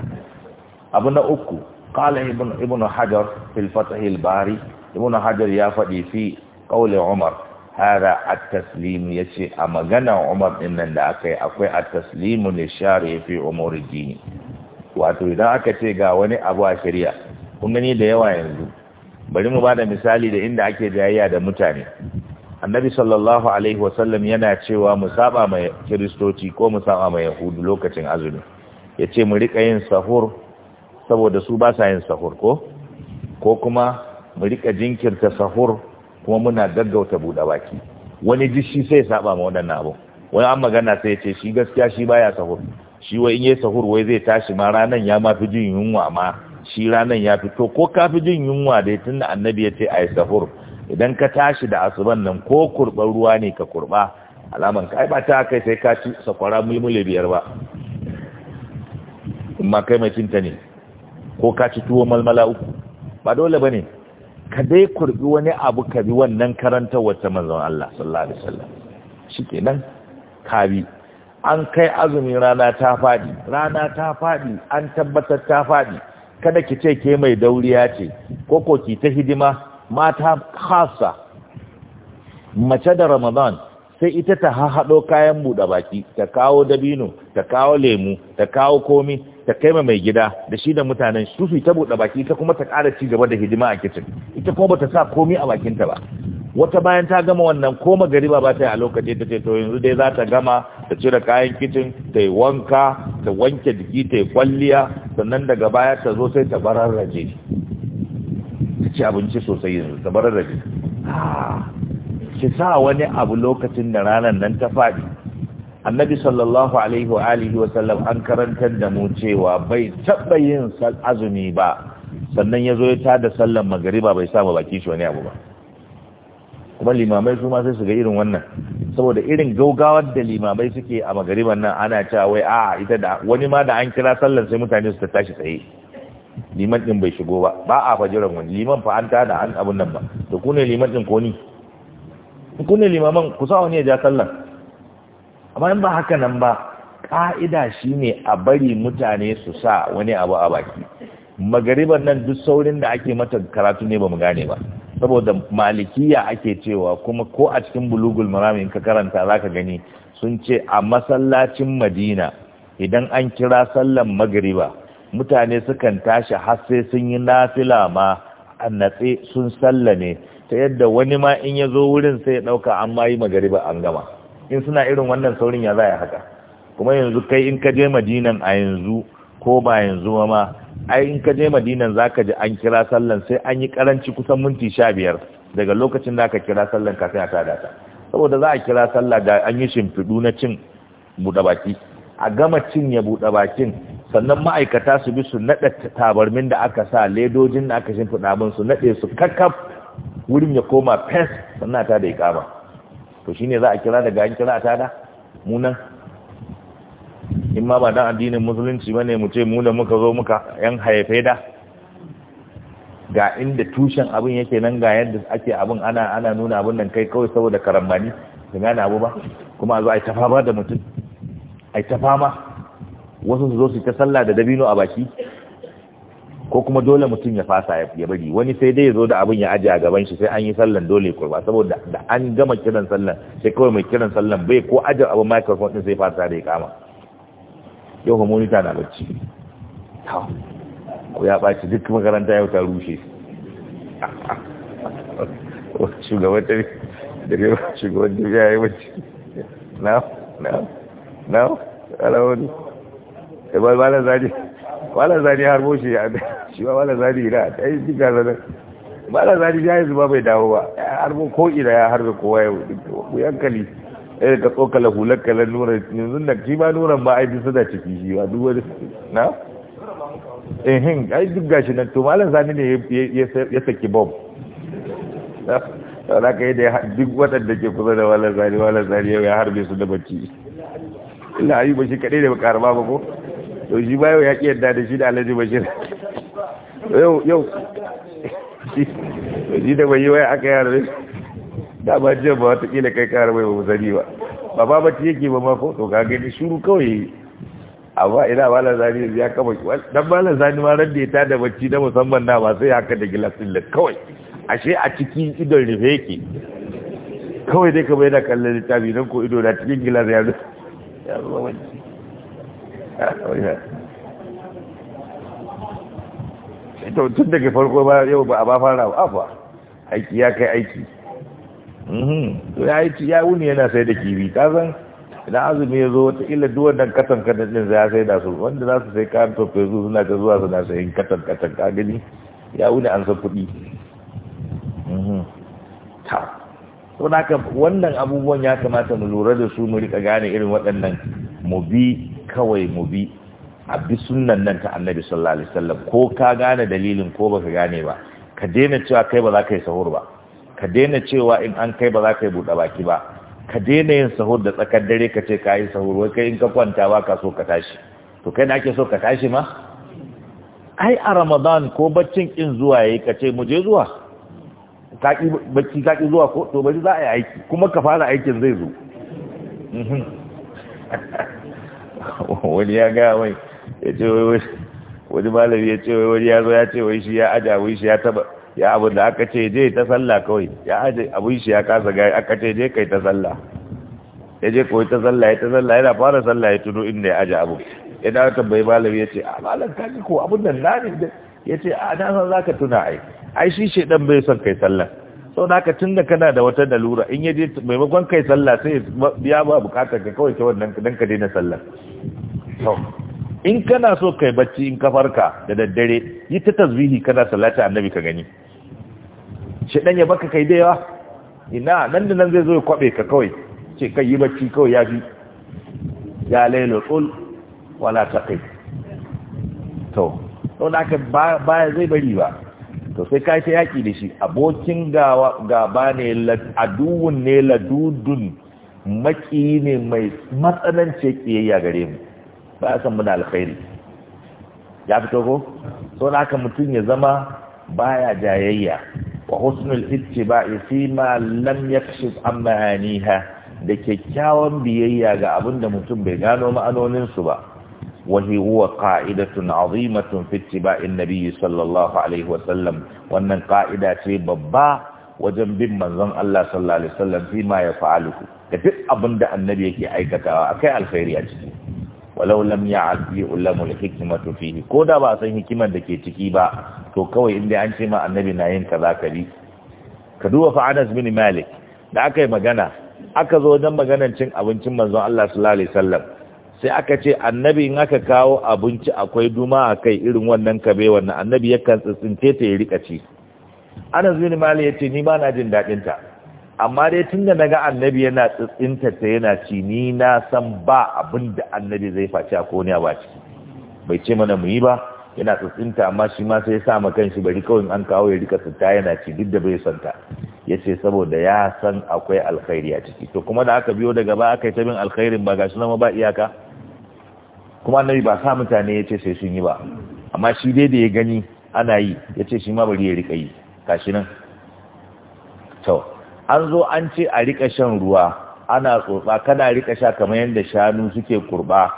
Speaker 1: abu na uku qala ibn ibn hajar fil fath al bari ibn hajar ya fadi fi qawli umar hada at taslim yace a magana umar din nan da akai akwai at taslim ne shari fi umuri din wato idan aka ce ga wani abu a shari'a kun gani da yawa yanzu bari mu bada misali da inda ake jayayya da mutane annabi sallallahu alaihi wasallam yana cewa mu saba mai kiristoci ko mu saba mai yahudu lokacin azumi yace mu rika yin sahur saboda su ba sa yin sahur ko ko kuma mu rika jinkirta sahur kuma muna gaggauta buɗe baki wani duk shi sai saba ma wadannan abu wani an magana sai ya ce shi gaskiya shi baya sahur shi wai in yi sahur wai zai tashi ma ranan ya ma fi jin yunwa ma shi ranan ya fito ko ka fi jin yunwa dai tunda annabi ya ce a yi sahur idan ka tashi da asuban nan ko kurban ruwa ne ka kurba alaman kai ba ta kai sai ka ci sakwara mulmule biyar ba in ma kai mai cinta ne ko ka ci tuwo malmala uku ba dole ba ne ka dai kurbi wani abu ka bi wannan karanta wata manzon Allah sallallahu alaihi wasallam shikenan ka bi an kai azumi rana ta fadi rana ta fadi an tabbatar ta fadi kada ki ce ke mai dauriya ce ko ko ki ta hidima mata khasa mace da ramadan sai ita ta haɗo kayan buɗe baki ta kawo dabino ta kawo lemu ta kawo komi ta kai ma mai gida da shi da mutanen sufi ta buɗe baki ita kuma ta ƙara ci gaba da hidima a kicin ita kuma bata sa komi a bakinta ba wata bayan ta gama wannan ko magari ba ta yi a lokaci ta ce to yanzu dai za ta gama ta cire kayan kicin ta yi wanka ta wanke jiki ta yi kwalliya sannan daga baya ta zo sai ta bararraje ci abinci sosai yanzu ta da rabi ah, ki sa wani abu lokacin da ranar nan ta faɗi annabi sallallahu alaihi wa alihi wa sallam an karantar da mu cewa bai taba yin azumi ba sannan ya zo ya tada sallan magariba bai samu baki shi wani abu ba kuma limamai su ma sai su ga irin wannan saboda irin gaugawar da limamai suke a magriban nan ana cewa wai a ita da wani ma da an kira sallan sai mutane su ta tashi tsaye liman din bai shigo ba ba a fajiran wani liman fa an tada an abun nan ba to ku ne liman din ko ni ku ne limaman ku sa wani ya ja sallan amma in ba haka nan ba ka'ida shine a bari mutane su sa wani abu a baki magariban nan duk saurin da ake mata karatu ne ba mu gane ba saboda malikiya ake cewa kuma ko a cikin bulugul marami in ka karanta zaka gani sun ce a masallacin madina idan an kira sallan magariba mutane sukan tashi har sai sun yi nafila ma natse sun sallame ta yadda wani ma in ya zo wurin sai ya ɗauka an ma yi magariba an gama in suna irin wannan saurin ya za haka kuma yanzu kai in ka je madinan a yanzu ko ba yanzu ma ai in ka je madinan za ka ji an kira sallan sai an yi karanci kusan minti sha biyar daga lokacin da ka kira sallan kafin a tada ta saboda za a kira sallah da an yi shimfiɗu na cin buɗe baki a gama cinye ya buɗe bakin sannan ma'aikata su bi su naɗa tabarmin da aka sa ledojin da aka shimfiɗa min su naɗe su kakkaf wurin ya koma fes sannan ta da ikama to shi ne za a kira daga an kira ta da munan in ma ba dan addinin musulunci ne mu ce mu da muka zo muka yan haife da ga inda tushen abin yake nan ga yadda ake abin ana ana nuna abin nan kai kawai saboda karambani da gane abu ba kuma a zo a yi ta da mutum a yi wasu su zo su ta sallah da dabino a baki ko kuma dole mutum ya fasa ya bari wani sai dai ya zo da abin ya aje a gaban shi sai an yi sallan dole ya kurba saboda da an gama kiran sallan sai kawai mai kiran sallan bai ko aje abin microphone din sai fasa da ya kama yau ga monita na bacci ku ya baci duk makaranta yau ta rushe shugaban ta daga shugaban ta ya yi bacci na na na alawani bai eh, wala zani wala zani har boshi ya shi ba wala zani ina dai diga zan wala zani ya yi zuba bai dawo ba har mu ko ina ya harbe kowa yau mu yankali eh ka tsokala hular kalan nura yanzu da shi ba nuran ba ai su da ciki shi ba duk wani na eh hin ai duk gashi nan to malam zani ne ya saki bomb da ka yi da duk waɗanda ke kusa da walar zari walar zari yau ya harbe su da bacci illa ayyuba shi kaɗai da ba ƙarama ba ko yau shi bayo ya ƙi yadda da shi da alhaji bashir yau yau shi da bai waya aka yara ne da ba jiya ba watakila kai kara mai ba sani ba ba ba bacci yake ba ma ko to ka gani shuru kawai amma ina ba lazani ya kama dan ba lazani ma ran da ya da bacci na musamman na ba sai haka da gilasin da kawai ashe a cikin idon rufe yake kawai dai kamar yana kallon littafi nan ko ido na cikin gilas ya zo ya zo to tun ke farko ba yau ba a ba fara ba afa aiki ya kai aiki mhm. to ya yi ya wuni yana sai da kibi ka san idan azumi ya zo wata illa duk wannan katan katan ɗin za sai da su wanda za su sai kayan tofe su suna ta zuwa suna sayin katan katan ka gani ya wuni an san kuɗi mhm. ta ko ka wannan abubuwan ya kamata mu lura da su mu rika gane irin waɗannan mu bi kawai mu bi a bi sunnan nan ta annabi sallallahu alaihi wasallam ko ka gane dalilin ko baka gane ba ka daina cewa kai ba za ka yi sahur ba ka daina cewa in an kai ba za ka yi buɗe baki ba ka daina yin sahur da tsakar dare ka ce ka yi sahur wai kai in ka kwanta ba ka so ka tashi to kai da ake so ka tashi ma ai a ramadan ko baccin kin zuwa yayi ka ce mu je zuwa kaki bacci zuwa ko to bari za a yi aiki kuma ka fara aikin zai zo wani ya ga wai ya ce wai wani malami ya ce wai wani ya zo ya ce wai shi ya aja wai shi ya taba ya abu da aka ce je ta sallah kawai ya aje abun shi ya kasa gari aka ce je kai ta sallah ya je koyi ta sallah ya ta sallah yana fara sallah ya tuno inda ya aje abu ya dawo tambayi malami ya ce a ah, malam kaji ko abun nan na ne ya ce a ah, na san za ka tuna ai ai shi dan bai son kai sallah sau da aka tun da kana da wata dalura in yaje maimakon kai sallah sai ya ba bukatar ka kawai ta wannan dan ka daina sallah in kana so kai bacci in ka farka da daddare yi ta tasbihi kana sallata annabi ka gani shedan ya baka kai da yawa ina nan da nan zai zo ya kwabe ka kawai ce kai yi bacci kawai ya fi ya lailo tsul wala taqi to to da ka ba zai bari ba to sai ka ta yaki da shi abokin gaba ne aduwun ne ladudun maki ne mai matsananci kiyayya gare mu ba san muna alkhairi ya fito ko so na haka mutum ya zama baya jayayya wa husnul ittiba'i fi ma lam yakshif an ma'aniha da kyakkyawan biyayya ga abin da mutum bai gano ma'anoninsu ba وهي هو azimatun عظيمة في اتباع Sallallahu صلى wa sallam, wannan وأن ce babba wajen bin manzon Allah sallallahu alaihi wasallam fi ma ya da duk abinda annabi yake aikatawa akai alkhairi a ciki walau lam ya'ti ulamul hikmatu fihi ko da ba san hikiman da ke ciki ba to kawai inda an ce ma annabi na yin kaza ka bi ka duba fa Anas bin Malik da aka yi magana aka zo wajen maganar cin abincin manzon Allah sallallahu alaihi wasallam sai aka ce annabi in aka kawo abinci akwai duma a kai irin wannan kabe wannan annabi yakan tsintsince ta ya rika ci zuwa ni mali ya ce ni ba na jin daɗin ta amma dai tun da naga annabi yana tsintsinta ta yana ci ni na san ba abin da annabi zai faci a ne a ba bai ce mana mu yi ba yana tsintsinta amma shi ma sai ya sa ma kanshi bari kawai an kawo ya rika tsinta yana ci duk da bai santa ta ya ce saboda ya san akwai alkhairi a ciki to kuma da aka biyo daga ba aka yi ta bin alkhairin ba gashi nama ba iyaka kuma annabi ba sa mutane ya ce sai sun yi ba amma shi dai da ya gani ana yi ya ce shi ma bari ya rika yi kashi nan to an zo an ce a rika shan ruwa ana tsotsa kana rika sha kamar yadda shanu suke kurba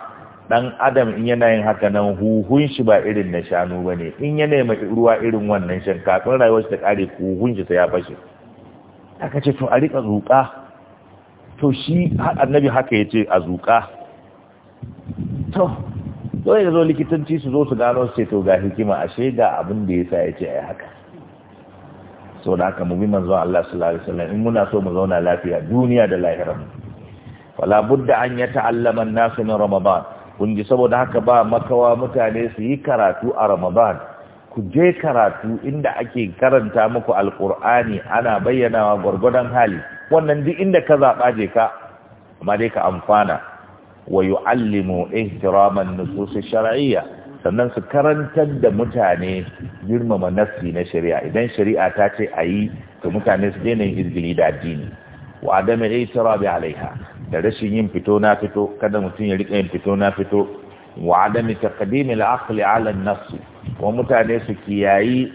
Speaker 1: dan adam in yana yin haka nan huhun shi ba irin na shanu ba ne in yana yi ruwa irin wannan shan kafin rayuwar shi ta kare huhun shi ta ya fashe aka ce to a rika zuƙa to shi annabi haka ya ce a zuƙa to to ya zo likitanci su zo su gano su ce to ga hikima ashe ga abin da yasa ya ce ai haka so da haka mu bi manzo Allah sallallahu alaihi wasallam in muna so mu zauna lafiya duniya da lahira wala budda an yata'allama an-nasu min ramadan kun ji saboda haka ba makawa mutane su yi karatu a ramadan ku je karatu inda ake karanta muku alkur'ani ana bayyanawa gwargwadon hali wannan duk inda ka zaɓa je ka amma dai ka amfana wa yu'allimu ihtiraman nusus shar'iyya sannan su karantar da mutane girmama nafsi na shari'a idan shari'a ta ce a yi to mutane su daina yin izgili da addini wa adam al alaiha da rashin yin fito na fito kada mutum ya rika yin fito na fito wa adam taqdim al-aqli ala an wa mutane su kiyayi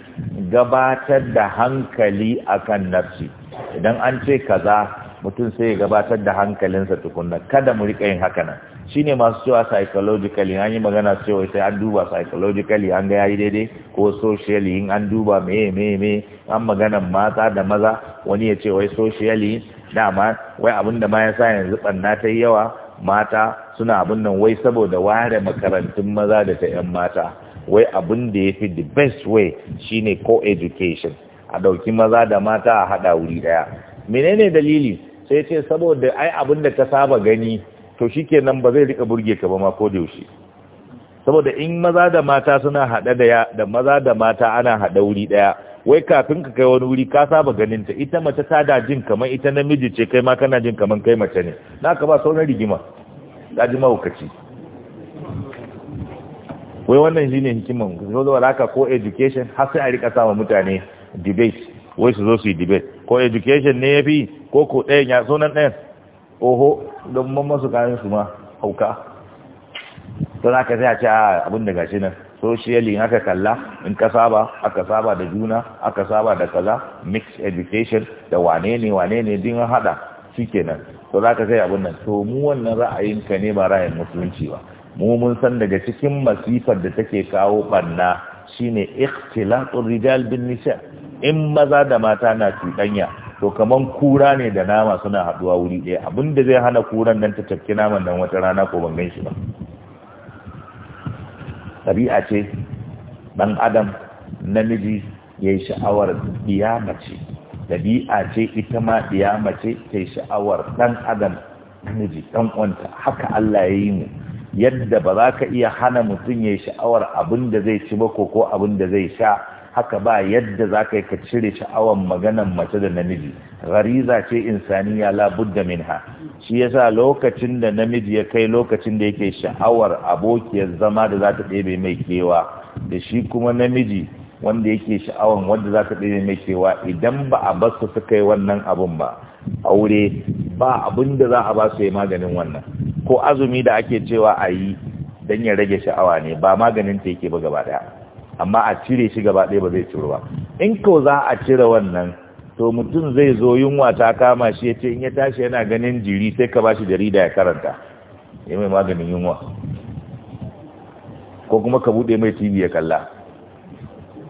Speaker 1: gabatar da hankali akan nafsi idan an ce kaza mutum sai ya gabatar da hankalinsa tukunna kada mu rika yin haka nan shine masu cewa psychologically an yi magana cewa sai an duba psychologically an ga yayi daidai ko socially in an duba meye meye meye an magana mata da maza wani ya ce wai socially dama wai abin da ma ya sa yanzu banna ta yi yawa mata suna abin nan wai saboda ware makarantun maza da ta 'yan mata wai abin da ya fi the best way shine co-education a ɗauki maza da mata a haɗa wuri ɗaya menene dalili sai ce saboda ai abin da ka saba gani to shikenan ba zai rika burge ka ba ma ko da yaushe saboda in maza da mata suna hada da da maza da mata ana hada wuri daya wai kafin ka kai wani wuri ka saba ganin ta ita mace ta da jin kamar ita namiji ce kai ma kana jin kamar kai mace ne na ka ba sauran rigima ka ji mahaukaci wai wannan shine hikiman zo ko education har sai a rika sama mutane debate wai su zo su yi debate ko education ne ya fi ko ko ɗayan ya sunan ɗayan oho don mamman su kayan su ma hauka don aka sai a ce ah, abin da gashi nan socially haka kalla in ka saba aka saba da juna aka saba da kaza mixed education da wane ne wane ne din hada shikenan to ka sai abin nan to mu wannan ra'ayin ka ne ba ra'ayin musulunci ba mu mun san daga cikin masifar da take kawo barna shine ikhtilatul rijal bin nisa' in maza da mata na cuɗanya to kamar kura ne da nama suna haɗuwa wuri ɗaya abinda zai hana kuran nan ta tafki naman nan wata rana ko ban ganshi ba ɗabi'a ce ɗan adam namiji ya yi sha'awar ɗiya mace ɗabi'a ce ita ma ɗiya mace ta yi sha'awar ɗan adam namiji ɗan wanta. haka Allah ya yi mu yadda ba za ka iya hana mutum ya yi sha'awar abin da zai ci ba ko abin da zai sha haka ba yadda za ka yi ka cire sha'awan maganan mace da namiji ghariza ce insaniya la budda minha shi yasa lokacin da namiji ya kai lokacin da yake sha'awar abokiyar zama da za ta ɗebe mai kewa da shi kuma namiji wanda yake sha'awan wanda za ta ɗebe mai kewa idan ba a basu su kai wannan abun ba aure ba abin da za a ba su yi maganin wannan ko azumi da ake cewa a yi don ya rage sha'awa ne ba maganin ta yake ba gaba daya amma a cire shi gaba ɗaya ba zai ciro ba in ko za a cire wannan to mutum zai zo yunwa ta kama shi ya ce in ya tashi yana ganin jiri sai ka bashi jarida ya karanta ya mai maganin yunwa ko kuma ka buɗe mai tv ya kalla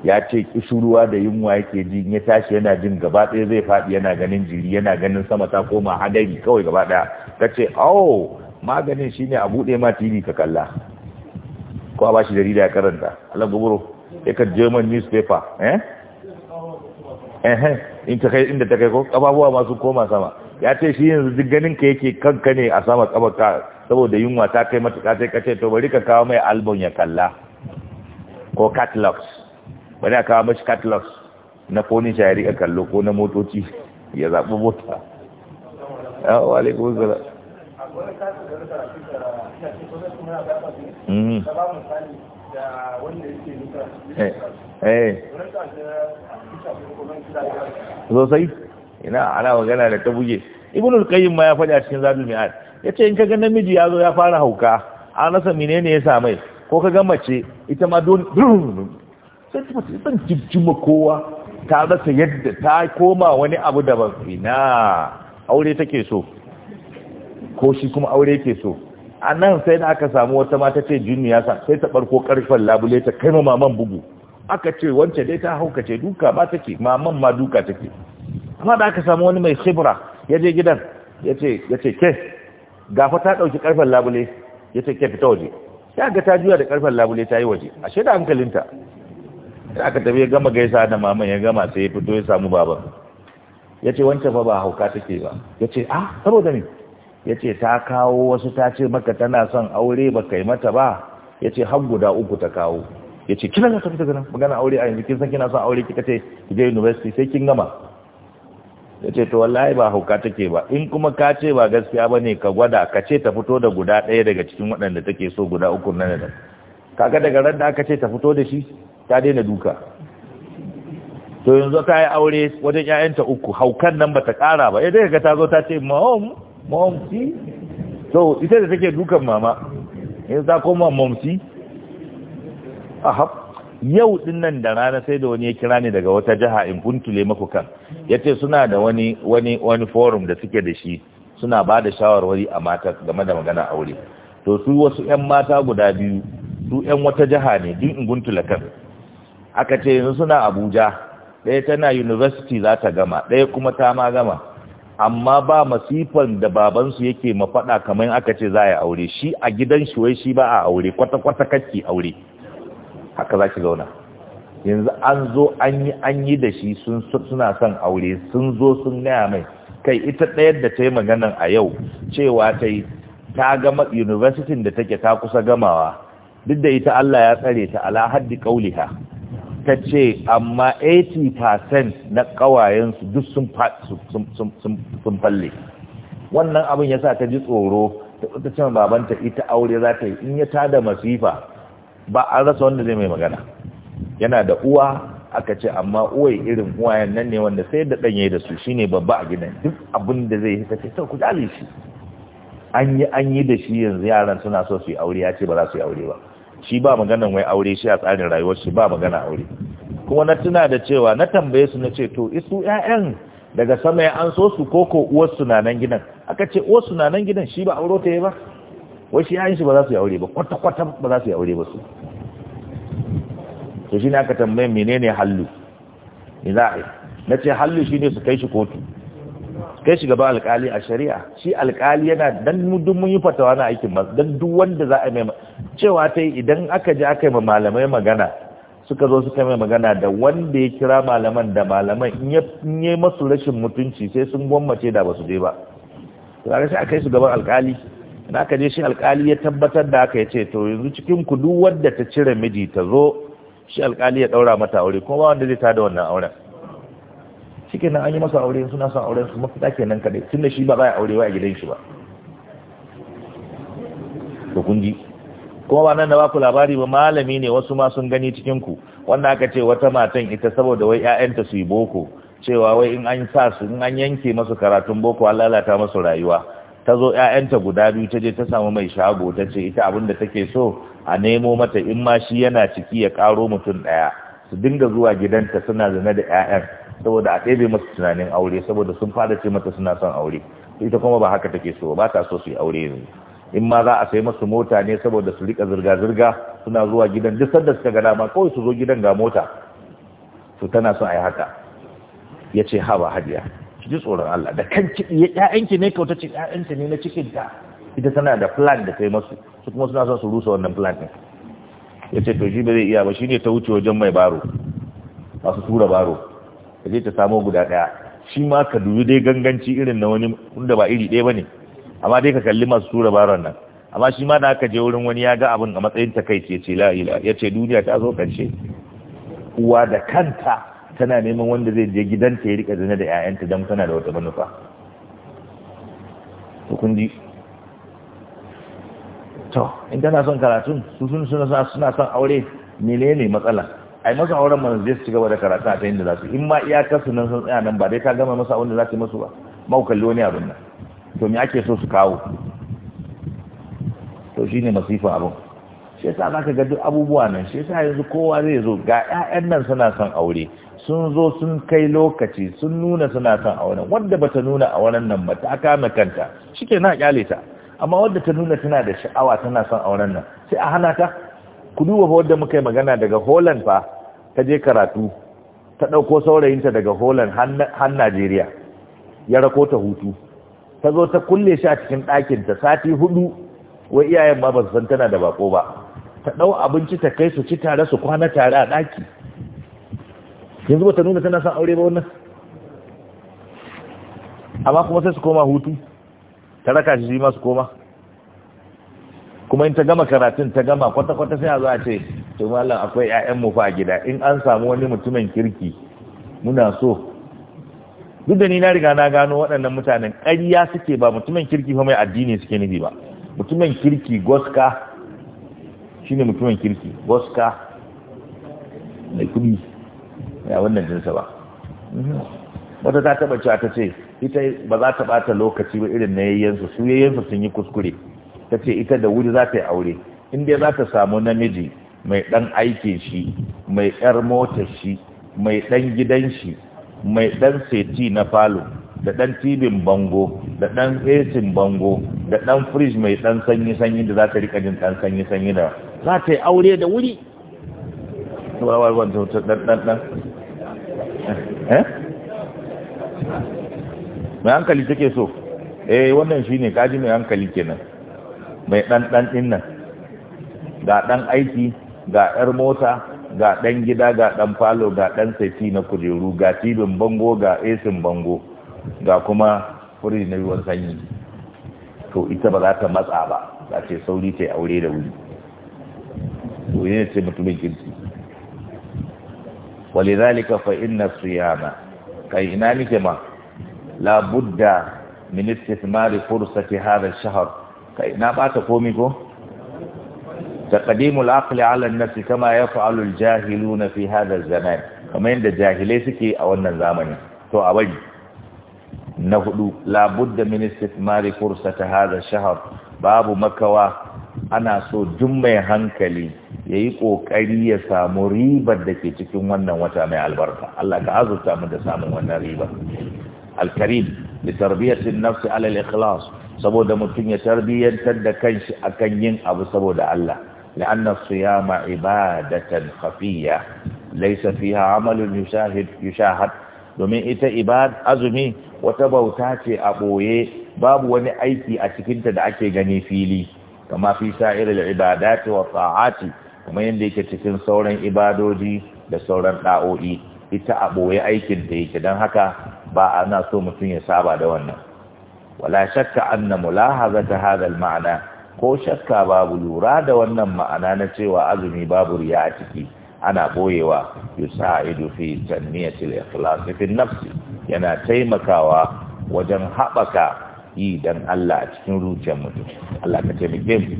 Speaker 1: ya ce kishuruwa da yunwa yake ji in ya tashi yana jin gaba ɗaya zai faɗi yana ganin jiri yana ganin sama ta koma hadari kawai gaba ɗaya ka ce oh maganin shine a buɗe ma tv ka kalla ko a bashi jarida ya karanta Allah ya ka german newspaper eh eh in inda ta kai ko kababuwa masu koma sama ya ce shi yanzu duk ganin ka yake kanka ne a sama kabaka saboda yunwa ta kai mata sai kace ce to bari ka kawo mai album ya kalla ko catalogs bari ka kawo mai catalogs na koni shayari ka kallo ko na motoci ya zaɓi mota wa alaikun zala Mm. Eh, eh. sosai ina ana magana da ta buge ibn al-qayyim ma ya faɗa cikin zadul mi'ad yace in kaga namiji yazo ya fara hauka an rasa menene ya same ko kaga mace ita ma don sai ta fita ban kowa ta rasa yadda ta koma wani abu daban ina aure take so ko shi kuma aure yake so a nan sai da aka samu wata mata ce juniya sa sai ta barko karfin labule ta kai maman bugu aka ce wance dai ta haukace duka ba take maman ma duka take amma da aka samu wani mai khibra ya je gidan ya ce ke gafa ta ɗauki karfin labule ya ce ke fita waje ya ga ta juya da karfin labule ta yi waje a da hankalinta da aka tafi ya gama gaisa da maman ya gama sai ya fito ya samu baban ya ce wancan fa ba hauka take ba ya ce ah saboda ne ya ce ta kawo wasu ta ce maka tana son aure ba kai mata ba ya ce har guda uku ta kawo ya ce kina ka fita ganin magana aure a yanzu kin san kina son aure kika ce ki je university sai kin gama ya ce to wallahi ba hauka take ba in kuma ka ce ba gaskiya ba ne ka gwada ka ce ta fito da guda ɗaya daga cikin waɗanda take so guda uku nan da kaga daga ran da aka ce ta fito da shi ta daina duka to yanzu ka yi aure wajen 'ya'yanta uku haukan nan ba ta ƙara ba ya eh dai ka ta zo ta ce ma'am momsi so ita da take dukan mama in ta koma momsi ahab yau din nan da rana sai da wani ya kira ni daga wata jiha in kuntule maku kan yace suna da wani wani wani forum da suke da shi suna ba da shawarwari a mata game da magana aure to su wasu 'yan mata guda biyu su 'yan wata jiha ne din in guntula kan aka ce yanzu suna abuja ɗaya tana university za ta gama ɗaya kuma ta ma gama amma ba masifan da babansu yake mafaɗa kamar aka ce za a aure shi a gidan shi wai shi ba a aure kwata-kwata kake aure haka za ki zauna yanzu an zo an yi an yi da shi suna son aure sun zo sun gaya mai kai ita ɗayar da ta yi maganan a yau cewa ta yi ta gama university da take ta kusa gamawa duk da ita Allah ya tsare ta ala haddi kauliha ta ce amma 80% na kawayensu duk sun falle wannan abin ya sa ta ji tsoro ta ce babanta ita aure za ta yi in ya tada masifa ba an rasa wanda zai mai magana yana da uwa aka ce amma uwai irin uwayen nan ne wanda sai da ɗanye da su shine babba a gidan duk abin da zai yi ta ce ta ku shi an yi an yi da shi yanzu yaran suna so su yi aure ya ce ba za su yi aure ba shi ba maganan wai aure shi a tsarin rayuwar shi ba magana aure kuma na tuna da cewa na tambaye su na ce to isu ƴaƴan daga sama ya an so su koko uwar na nan gidan aka ce uwar na nan gidan shi ba auro ta yi ba wai shi ƴaƴan shi ba za su yi aure ba kwata kwata ba za su yi aure ba su to shine aka tambaye menene hallu ni za a yi na ce hallu shine su kai shi kotu kai shi gaba alkali a shari'a shi alkali yana dan mu mun yi fatawa na aikin dan duk wanda za a yi mai cewa ta idan aka ji aka yi malamai magana suka zo suka mai magana da wanda ya kira malaman da malaman in yi masu rashin mutunci sai sun gwammace da ba su je ba tare sai aka yi su gaban alkali na aka je shi alkali ya tabbatar da aka ya ce to yanzu cikin kudu wadda ta cire miji ta zo shi alkali ya daura mata aure kuma ba wanda zai ta da wannan auren cikin nan an yi masa aure suna son auren su mafita kenan kadai tunda shi ba za a aure ba a gidan shi ba to kun ji kuma ba nan da baku labari ba malami ne wasu ma sun gani cikin ku wanda aka ce wata matan ita saboda wai ƴaƴanta su yi boko cewa wai in an sa su in an yanke masu karatun boko an lalata masu rayuwa ta zo ƴaƴanta guda biyu ta je ta samu mai shago ta ce ita abin da take so a nemo mata in ma shi yana ciki ya karo mutum ɗaya su dinga zuwa gidanta suna zina da ƴaƴan saboda a ɗebe masu tunanin aure saboda sun fara ce mata suna son aure ita kuma ba haka take so ba ta so su yi aure yanzu in ma za a sai masu mota ne saboda su rika zirga-zirga suna zuwa gidan duk sanda suka gada ma kawai su zo gidan ga mota to tana son a yi haka ya ce ha ba hajiya ki ji tsoron Allah da kan ciki ya ƴaƴanki ne kauta ce ƴaƴanki ne na cikin ta ita tana da plan da kai masu su kuma suna son su rusa wannan plan din ya ce to shi ba zai iya ba shine ta wuce wajen mai baro masu tura baro ya je ta samo guda ɗaya shi ma ka dubi dai ganganci irin na wani wanda ba iri ɗaya ba ne amma dai ka kalli masu tura baron nan amma shi ma da aka je wurin wani ya ga abin a matsayin ta kai ce ce la'ila ya ce duniya ta zo karshe uwa da kanta tana neman wanda zai je gidanta ya rika zina da 'ya'yanta don tana da wata manufa hukundi to in tana son karatun su sun suna suna son aure menene matsala ai masa auren mana zai su gaba da karatu a ta yin da za su in ma iyakar su nan sun tsaya nan ba dai ka gama masa abin da za su yi masu ba mau kalli wani abin nan to me ake so su kawo to shine masifa abin shi yasa zaka ga duk abubuwa nan shi yasa yanzu kowa zai zo ga ƴaƴan nan suna son aure sun zo sun kai lokaci sun nuna suna son aure. wanda bata nuna a wannan nan ba ta kame kanta shike na kyale ta amma wanda ta nuna tana da sha'awa tana son auren nan sai a hana ta ku duba fa wanda muka yi magana daga Holland fa ta je karatu ta ɗauko saurayinta daga Holland har Najeriya ya rako ta hutu ta zo ta kulle shi a cikin ɗakin ta sati hudu wai iyayen ma ba su san tana da bako ba ta ɗau abinci ta kai su ci tare su kwana tare a ɗaki yanzu ba ta nuna tana son aure ba wannan amma kuma sai su koma hutu ta raka shi ma su koma kuma in ta gama karatun ta gama kwata-kwata sai a zo a ce to mallam akwai 'ya'yan mu fa a gida in an samu wani mutumin kirki muna so duk da ni na riga na gano waɗannan mutanen ƙarya suke ba mutumin kirki fa mai addini suke nufi ba mutumin kirki goska ne mutumin kirki goska mai kuɗi ya wannan jinsa ba mhm. wata ta taɓa cewa ta ce ita ba za ta ɓata lokaci ba irin na yayyansu su yayyansu sun yi kuskure ta ce ita da wuri za ta yi aure in dai za ta samu namiji mai ɗan aikin shi mai ƴar motar shi mai ɗan gidan shi mai ɗan seti na falo da ɗan tibin bango da ɗan esin bango da ɗan firij mai ɗan sanyi-sanyi da za ta rika jin ɗan sanyi-sanyi da za ta yi aure da wuri eh? mai hankali take so eh wannan shi ne kaji mai hankali kenan mai ɗan ɗan ɗin nan ga ɗan aiki ga 'yar mota ga ɗan gida ga ɗan falo ga ɗan saiti na kujeru ga tibin bango ga esin bango ga kuma furi na ruwan sanyi to ita ba za ta matsa ba za ce sauri ta aure da wuri to yi ce mutumin kirki wale zalika fa inna Ka kai ina nike ma la ministis mari istismari fursati hadha shahar? Ka ina ba bata komi ko taqdimul aqli ala an-nafs kama yaf'alu al-jahiluna fi hadha az-zaman kamar yadda jahilai suke a wannan zamani to a bari na hudu labudda min istimari fursata hadha shahr babu makawa ana so Jummai mai hankali yayi ƙoƙari ya samu ribar da ke cikin wannan wata mai albarka Allah ka azurta mu da samun wannan riba al-karim li tarbiyati an-nafs ala al-ikhlas saboda mutum ya tarbiyyantar da kanshi akan yin abu saboda Allah لأن الصيام ma خفية ليس فيها عمل يشاهد يشاهد domin ita azumi wata bauta ce a ɓoye babu wani aiki a cikinta da ake gani fili kama fi sa'iril ibadati wa ta'ati kuma yanda yake cikin sauran ibadoji da sauran ɗao'i, ita a ɓoye aikin da yake don haka ba a na so mutum ya saba da wannan wala shakka anna mulahazata hadha al ma'ana. ko shakka babu lura da wannan ma'ana na cewa azumi babu riya a ciki ana boyewa yusa'idu fi tanmiyatil ikhlas fi nafsi yana taimakawa wajen haɓaka yi dan Allah a cikin zuciyar mutum Allah ka taimake mu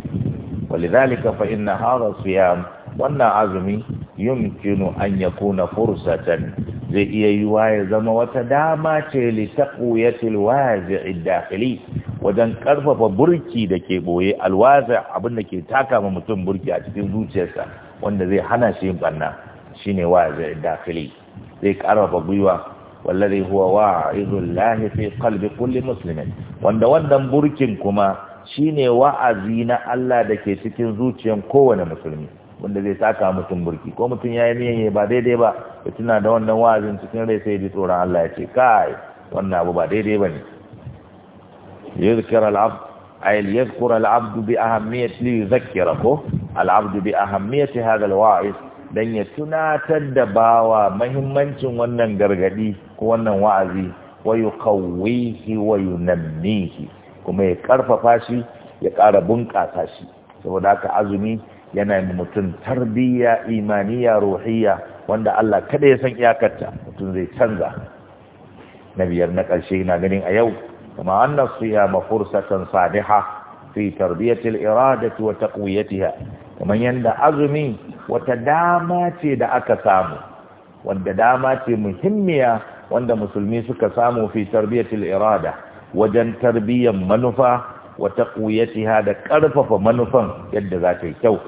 Speaker 1: walidhalika fa inna hadha siyam wannan azumi yumkinu an yakuna fursatan zai iya yiwa ya zama wata dama ce li taqwiyatil wazi'id dakhili wajen karfafa burki da ke boye alwazi abin da ke taka ma mutum burki a cikin zuciyarsa wanda zai hana shi yin barna shine wazi'id dakhili zai karfafa gwiwa wallazi huwa wa'izul lahi fi qalbi kulli muslimin wanda wannan burkin kuma shine wa'azi na Allah da ke cikin zuciyar kowane musulmi wanda zai saka mutum burki ko mutum ya yi niyan ba daidai ba ya tuna da wannan wa'azin cikin rai sai ji tsoron Allah ya ce kai wannan abu ba daidai ba ne yuzkar al-abd ay bi ahammiyati li yuzakkira ko al bi ahammiyati hadha al-wa'iz dan ya tunatar da bawa mahimmancin wannan gargadi ko wannan wa'azi wa yuqawwihi wa yunammihi kuma ya karfafa shi ya kara bunƙasa shi saboda haka azumi yana yin mutum tarbiyya imaniya ruhiyya wanda Allah kada ya san iyakarta mutum zai canza na biyar na ƙarshe na ganin a yau kuma annas siyama fursatan saliha fi tarbiyatil iradati wa taqwiyatiha kamar yanda azumi wata dama ce da aka samu wanda dama ce muhimmiya wanda musulmi suka samu fi tarbiyatil irada wajen tarbiyyar manufa wa taqwiyatiha da ƙarfafa manufan yadda za ta yi kyau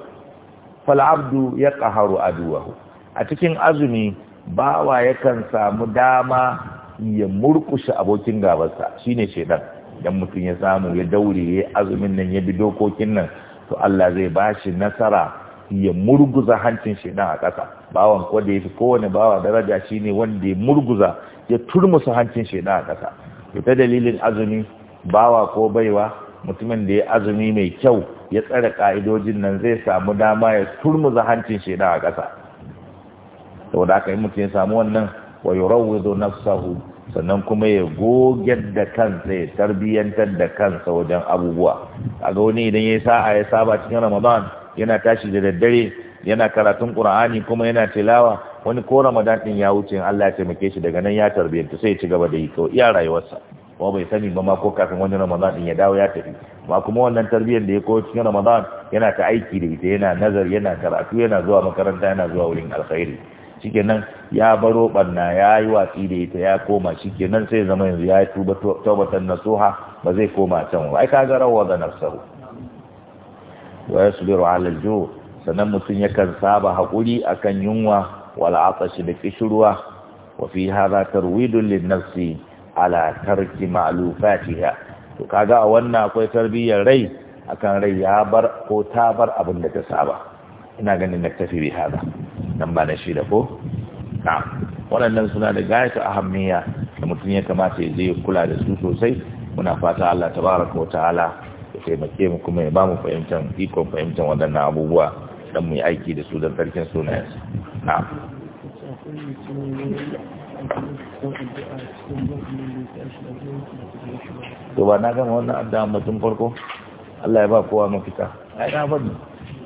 Speaker 1: fal'abdu ya ƙaharu duwa a cikin azumi bawa yakan samu dama ya murkushe abokin gabarsa ne shaidan. Idan mutum ya samu ya daure ya azumin nan ya bi dokokin nan to Allah zai ba shi nasara ya murguza hancin shaidan a ƙasa bawan ko da yafi kowane bawa daraja shi ne wanda ya murguza ya turmusa hancin shaidan a ƙasa to dalilin azumi bawa ko baiwa mutumin da ya azumi mai kyau ya tsare ka'idojin nan zai samu dama ya turmuza hancin shaida a ƙasa saboda aka yi mutum ya samu wannan wa yurawwidu nafsahu sannan kuma ya goge da kansa ya tarbiyyantar da kansa wajen abubuwa A ga wani idan ya yi sa'a ya saba cikin ramadan yana tashi da daddare yana karatun qur'ani kuma yana tilawa wani ko ramadan din ya wuce Allah ya taimake shi daga nan ya tarbiyyanta sai ya ci gaba da yi to iya rayuwarsa ko bai sani ba ma ko kafin wani ramadan din ya dawo ya tafi ma kuma wannan tarbiyyar da ya koyo cikin ramadan yana ta aiki da ita yana nazari yana karatu yana zuwa makaranta yana zuwa wurin alkhairi shikenan ya baro banna ya yi watsi da ita ya koma shikenan sai zama yanzu ya tuba taubatan nasuha ba zai koma can ba ai ga rawa da nafsahu wa yasbiru ala al-ju sanan mutun yakan saba hakuri akan yunwa wal atashi da kishruwa wa fi hadha tarwidun lin nafsi ala tarki ma'lufatiha to kaga a wannan akwai tarbiyyar rai akan rai ya bar ko ta bar abin da ta saba ina ganin na tafi bi hada nan ba na shi da ko na wannan suna da gayata ahammiya da mutum ya kamata ya je kula da su sosai muna fata Allah tabaraka wa ta'ala ya taimake mu kuma ya ba mu fahimtar iko fahimtar waɗannan abubuwa dan mu yi aiki da su dan barkin sunayensa na to ba na gama wannan addu'a mutum farko Allah ya ba kowa mafita ai na faɗi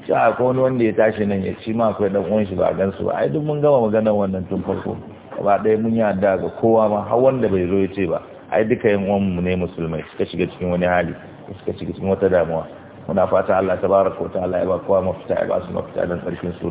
Speaker 1: ci a wani wanda ya tashi nan ya ci ma akwai dan uwan shi ba a su ba ai duk mun gama maganar wannan tun farko ba ɗaya mun yi addu'a ga kowa ma har wanda bai zo ya ce ba ai duka yan uwan mu ne musulmai suka shiga cikin wani hali suka shiga cikin wata damuwa muna fata Allah tabaraka wa ta'ala ya ba kowa mafita ya ba su mafita dan karshen su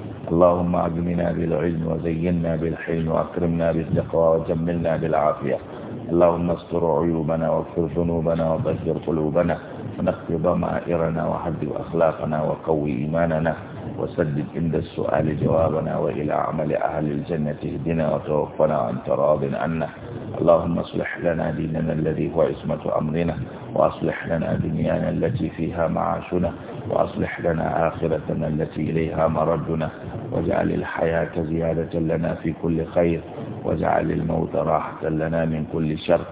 Speaker 1: اللهم أجمنا بالعلم وزينا بالحلم وأكرمنا بالتقوى وجملنا بالعافية اللهم استر عيوبنا واغفر ذنوبنا وطهر قلوبنا ونخفض ضمائرنا وحدد أخلاقنا وقوي إيماننا وسدد عند السؤال جوابنا وإلى عمل أهل الجنة اهدنا وتوفنا عن تراض عنا اللهم اصلح لنا ديننا الذي هو عصمة أمرنا وأصلح لنا دنيانا التي فيها معاشنا وأصلح لنا آخرتنا التي إليها مردنا واجعل الحياة زيادة لنا في كل خير واجعل الموت راحة لنا من كل شر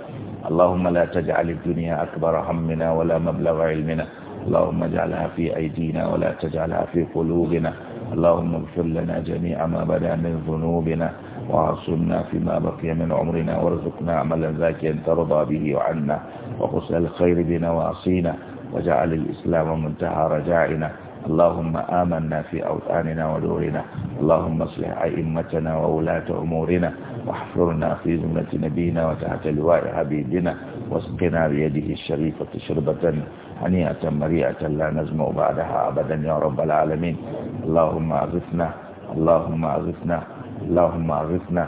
Speaker 1: اللهم لا تجعل الدنيا أكبر همنا ولا مبلغ علمنا اللهم اجعلها في أيدينا ولا تجعلها في قلوبنا اللهم اغفر لنا جميع ما بدا من ذنوبنا وعصمنا فيما بقي من عمرنا وارزقنا عملا ذاكيا ترضى به وعنا وقس الخير بنواصينا وجعل الإسلام منتهى رجائنا اللهم آمنا في أوطاننا ودورنا اللهم اصلح أئمتنا وولاة أمورنا واحفرنا في زمنة نبينا وتحت لواء حبيبنا واسقنا بيده الشريفة شربة هنيئة مريئة لا نزمع بعدها أبدا يا رب العالمين اللهم أغثنا اللهم أغثنا اللهم أغثنا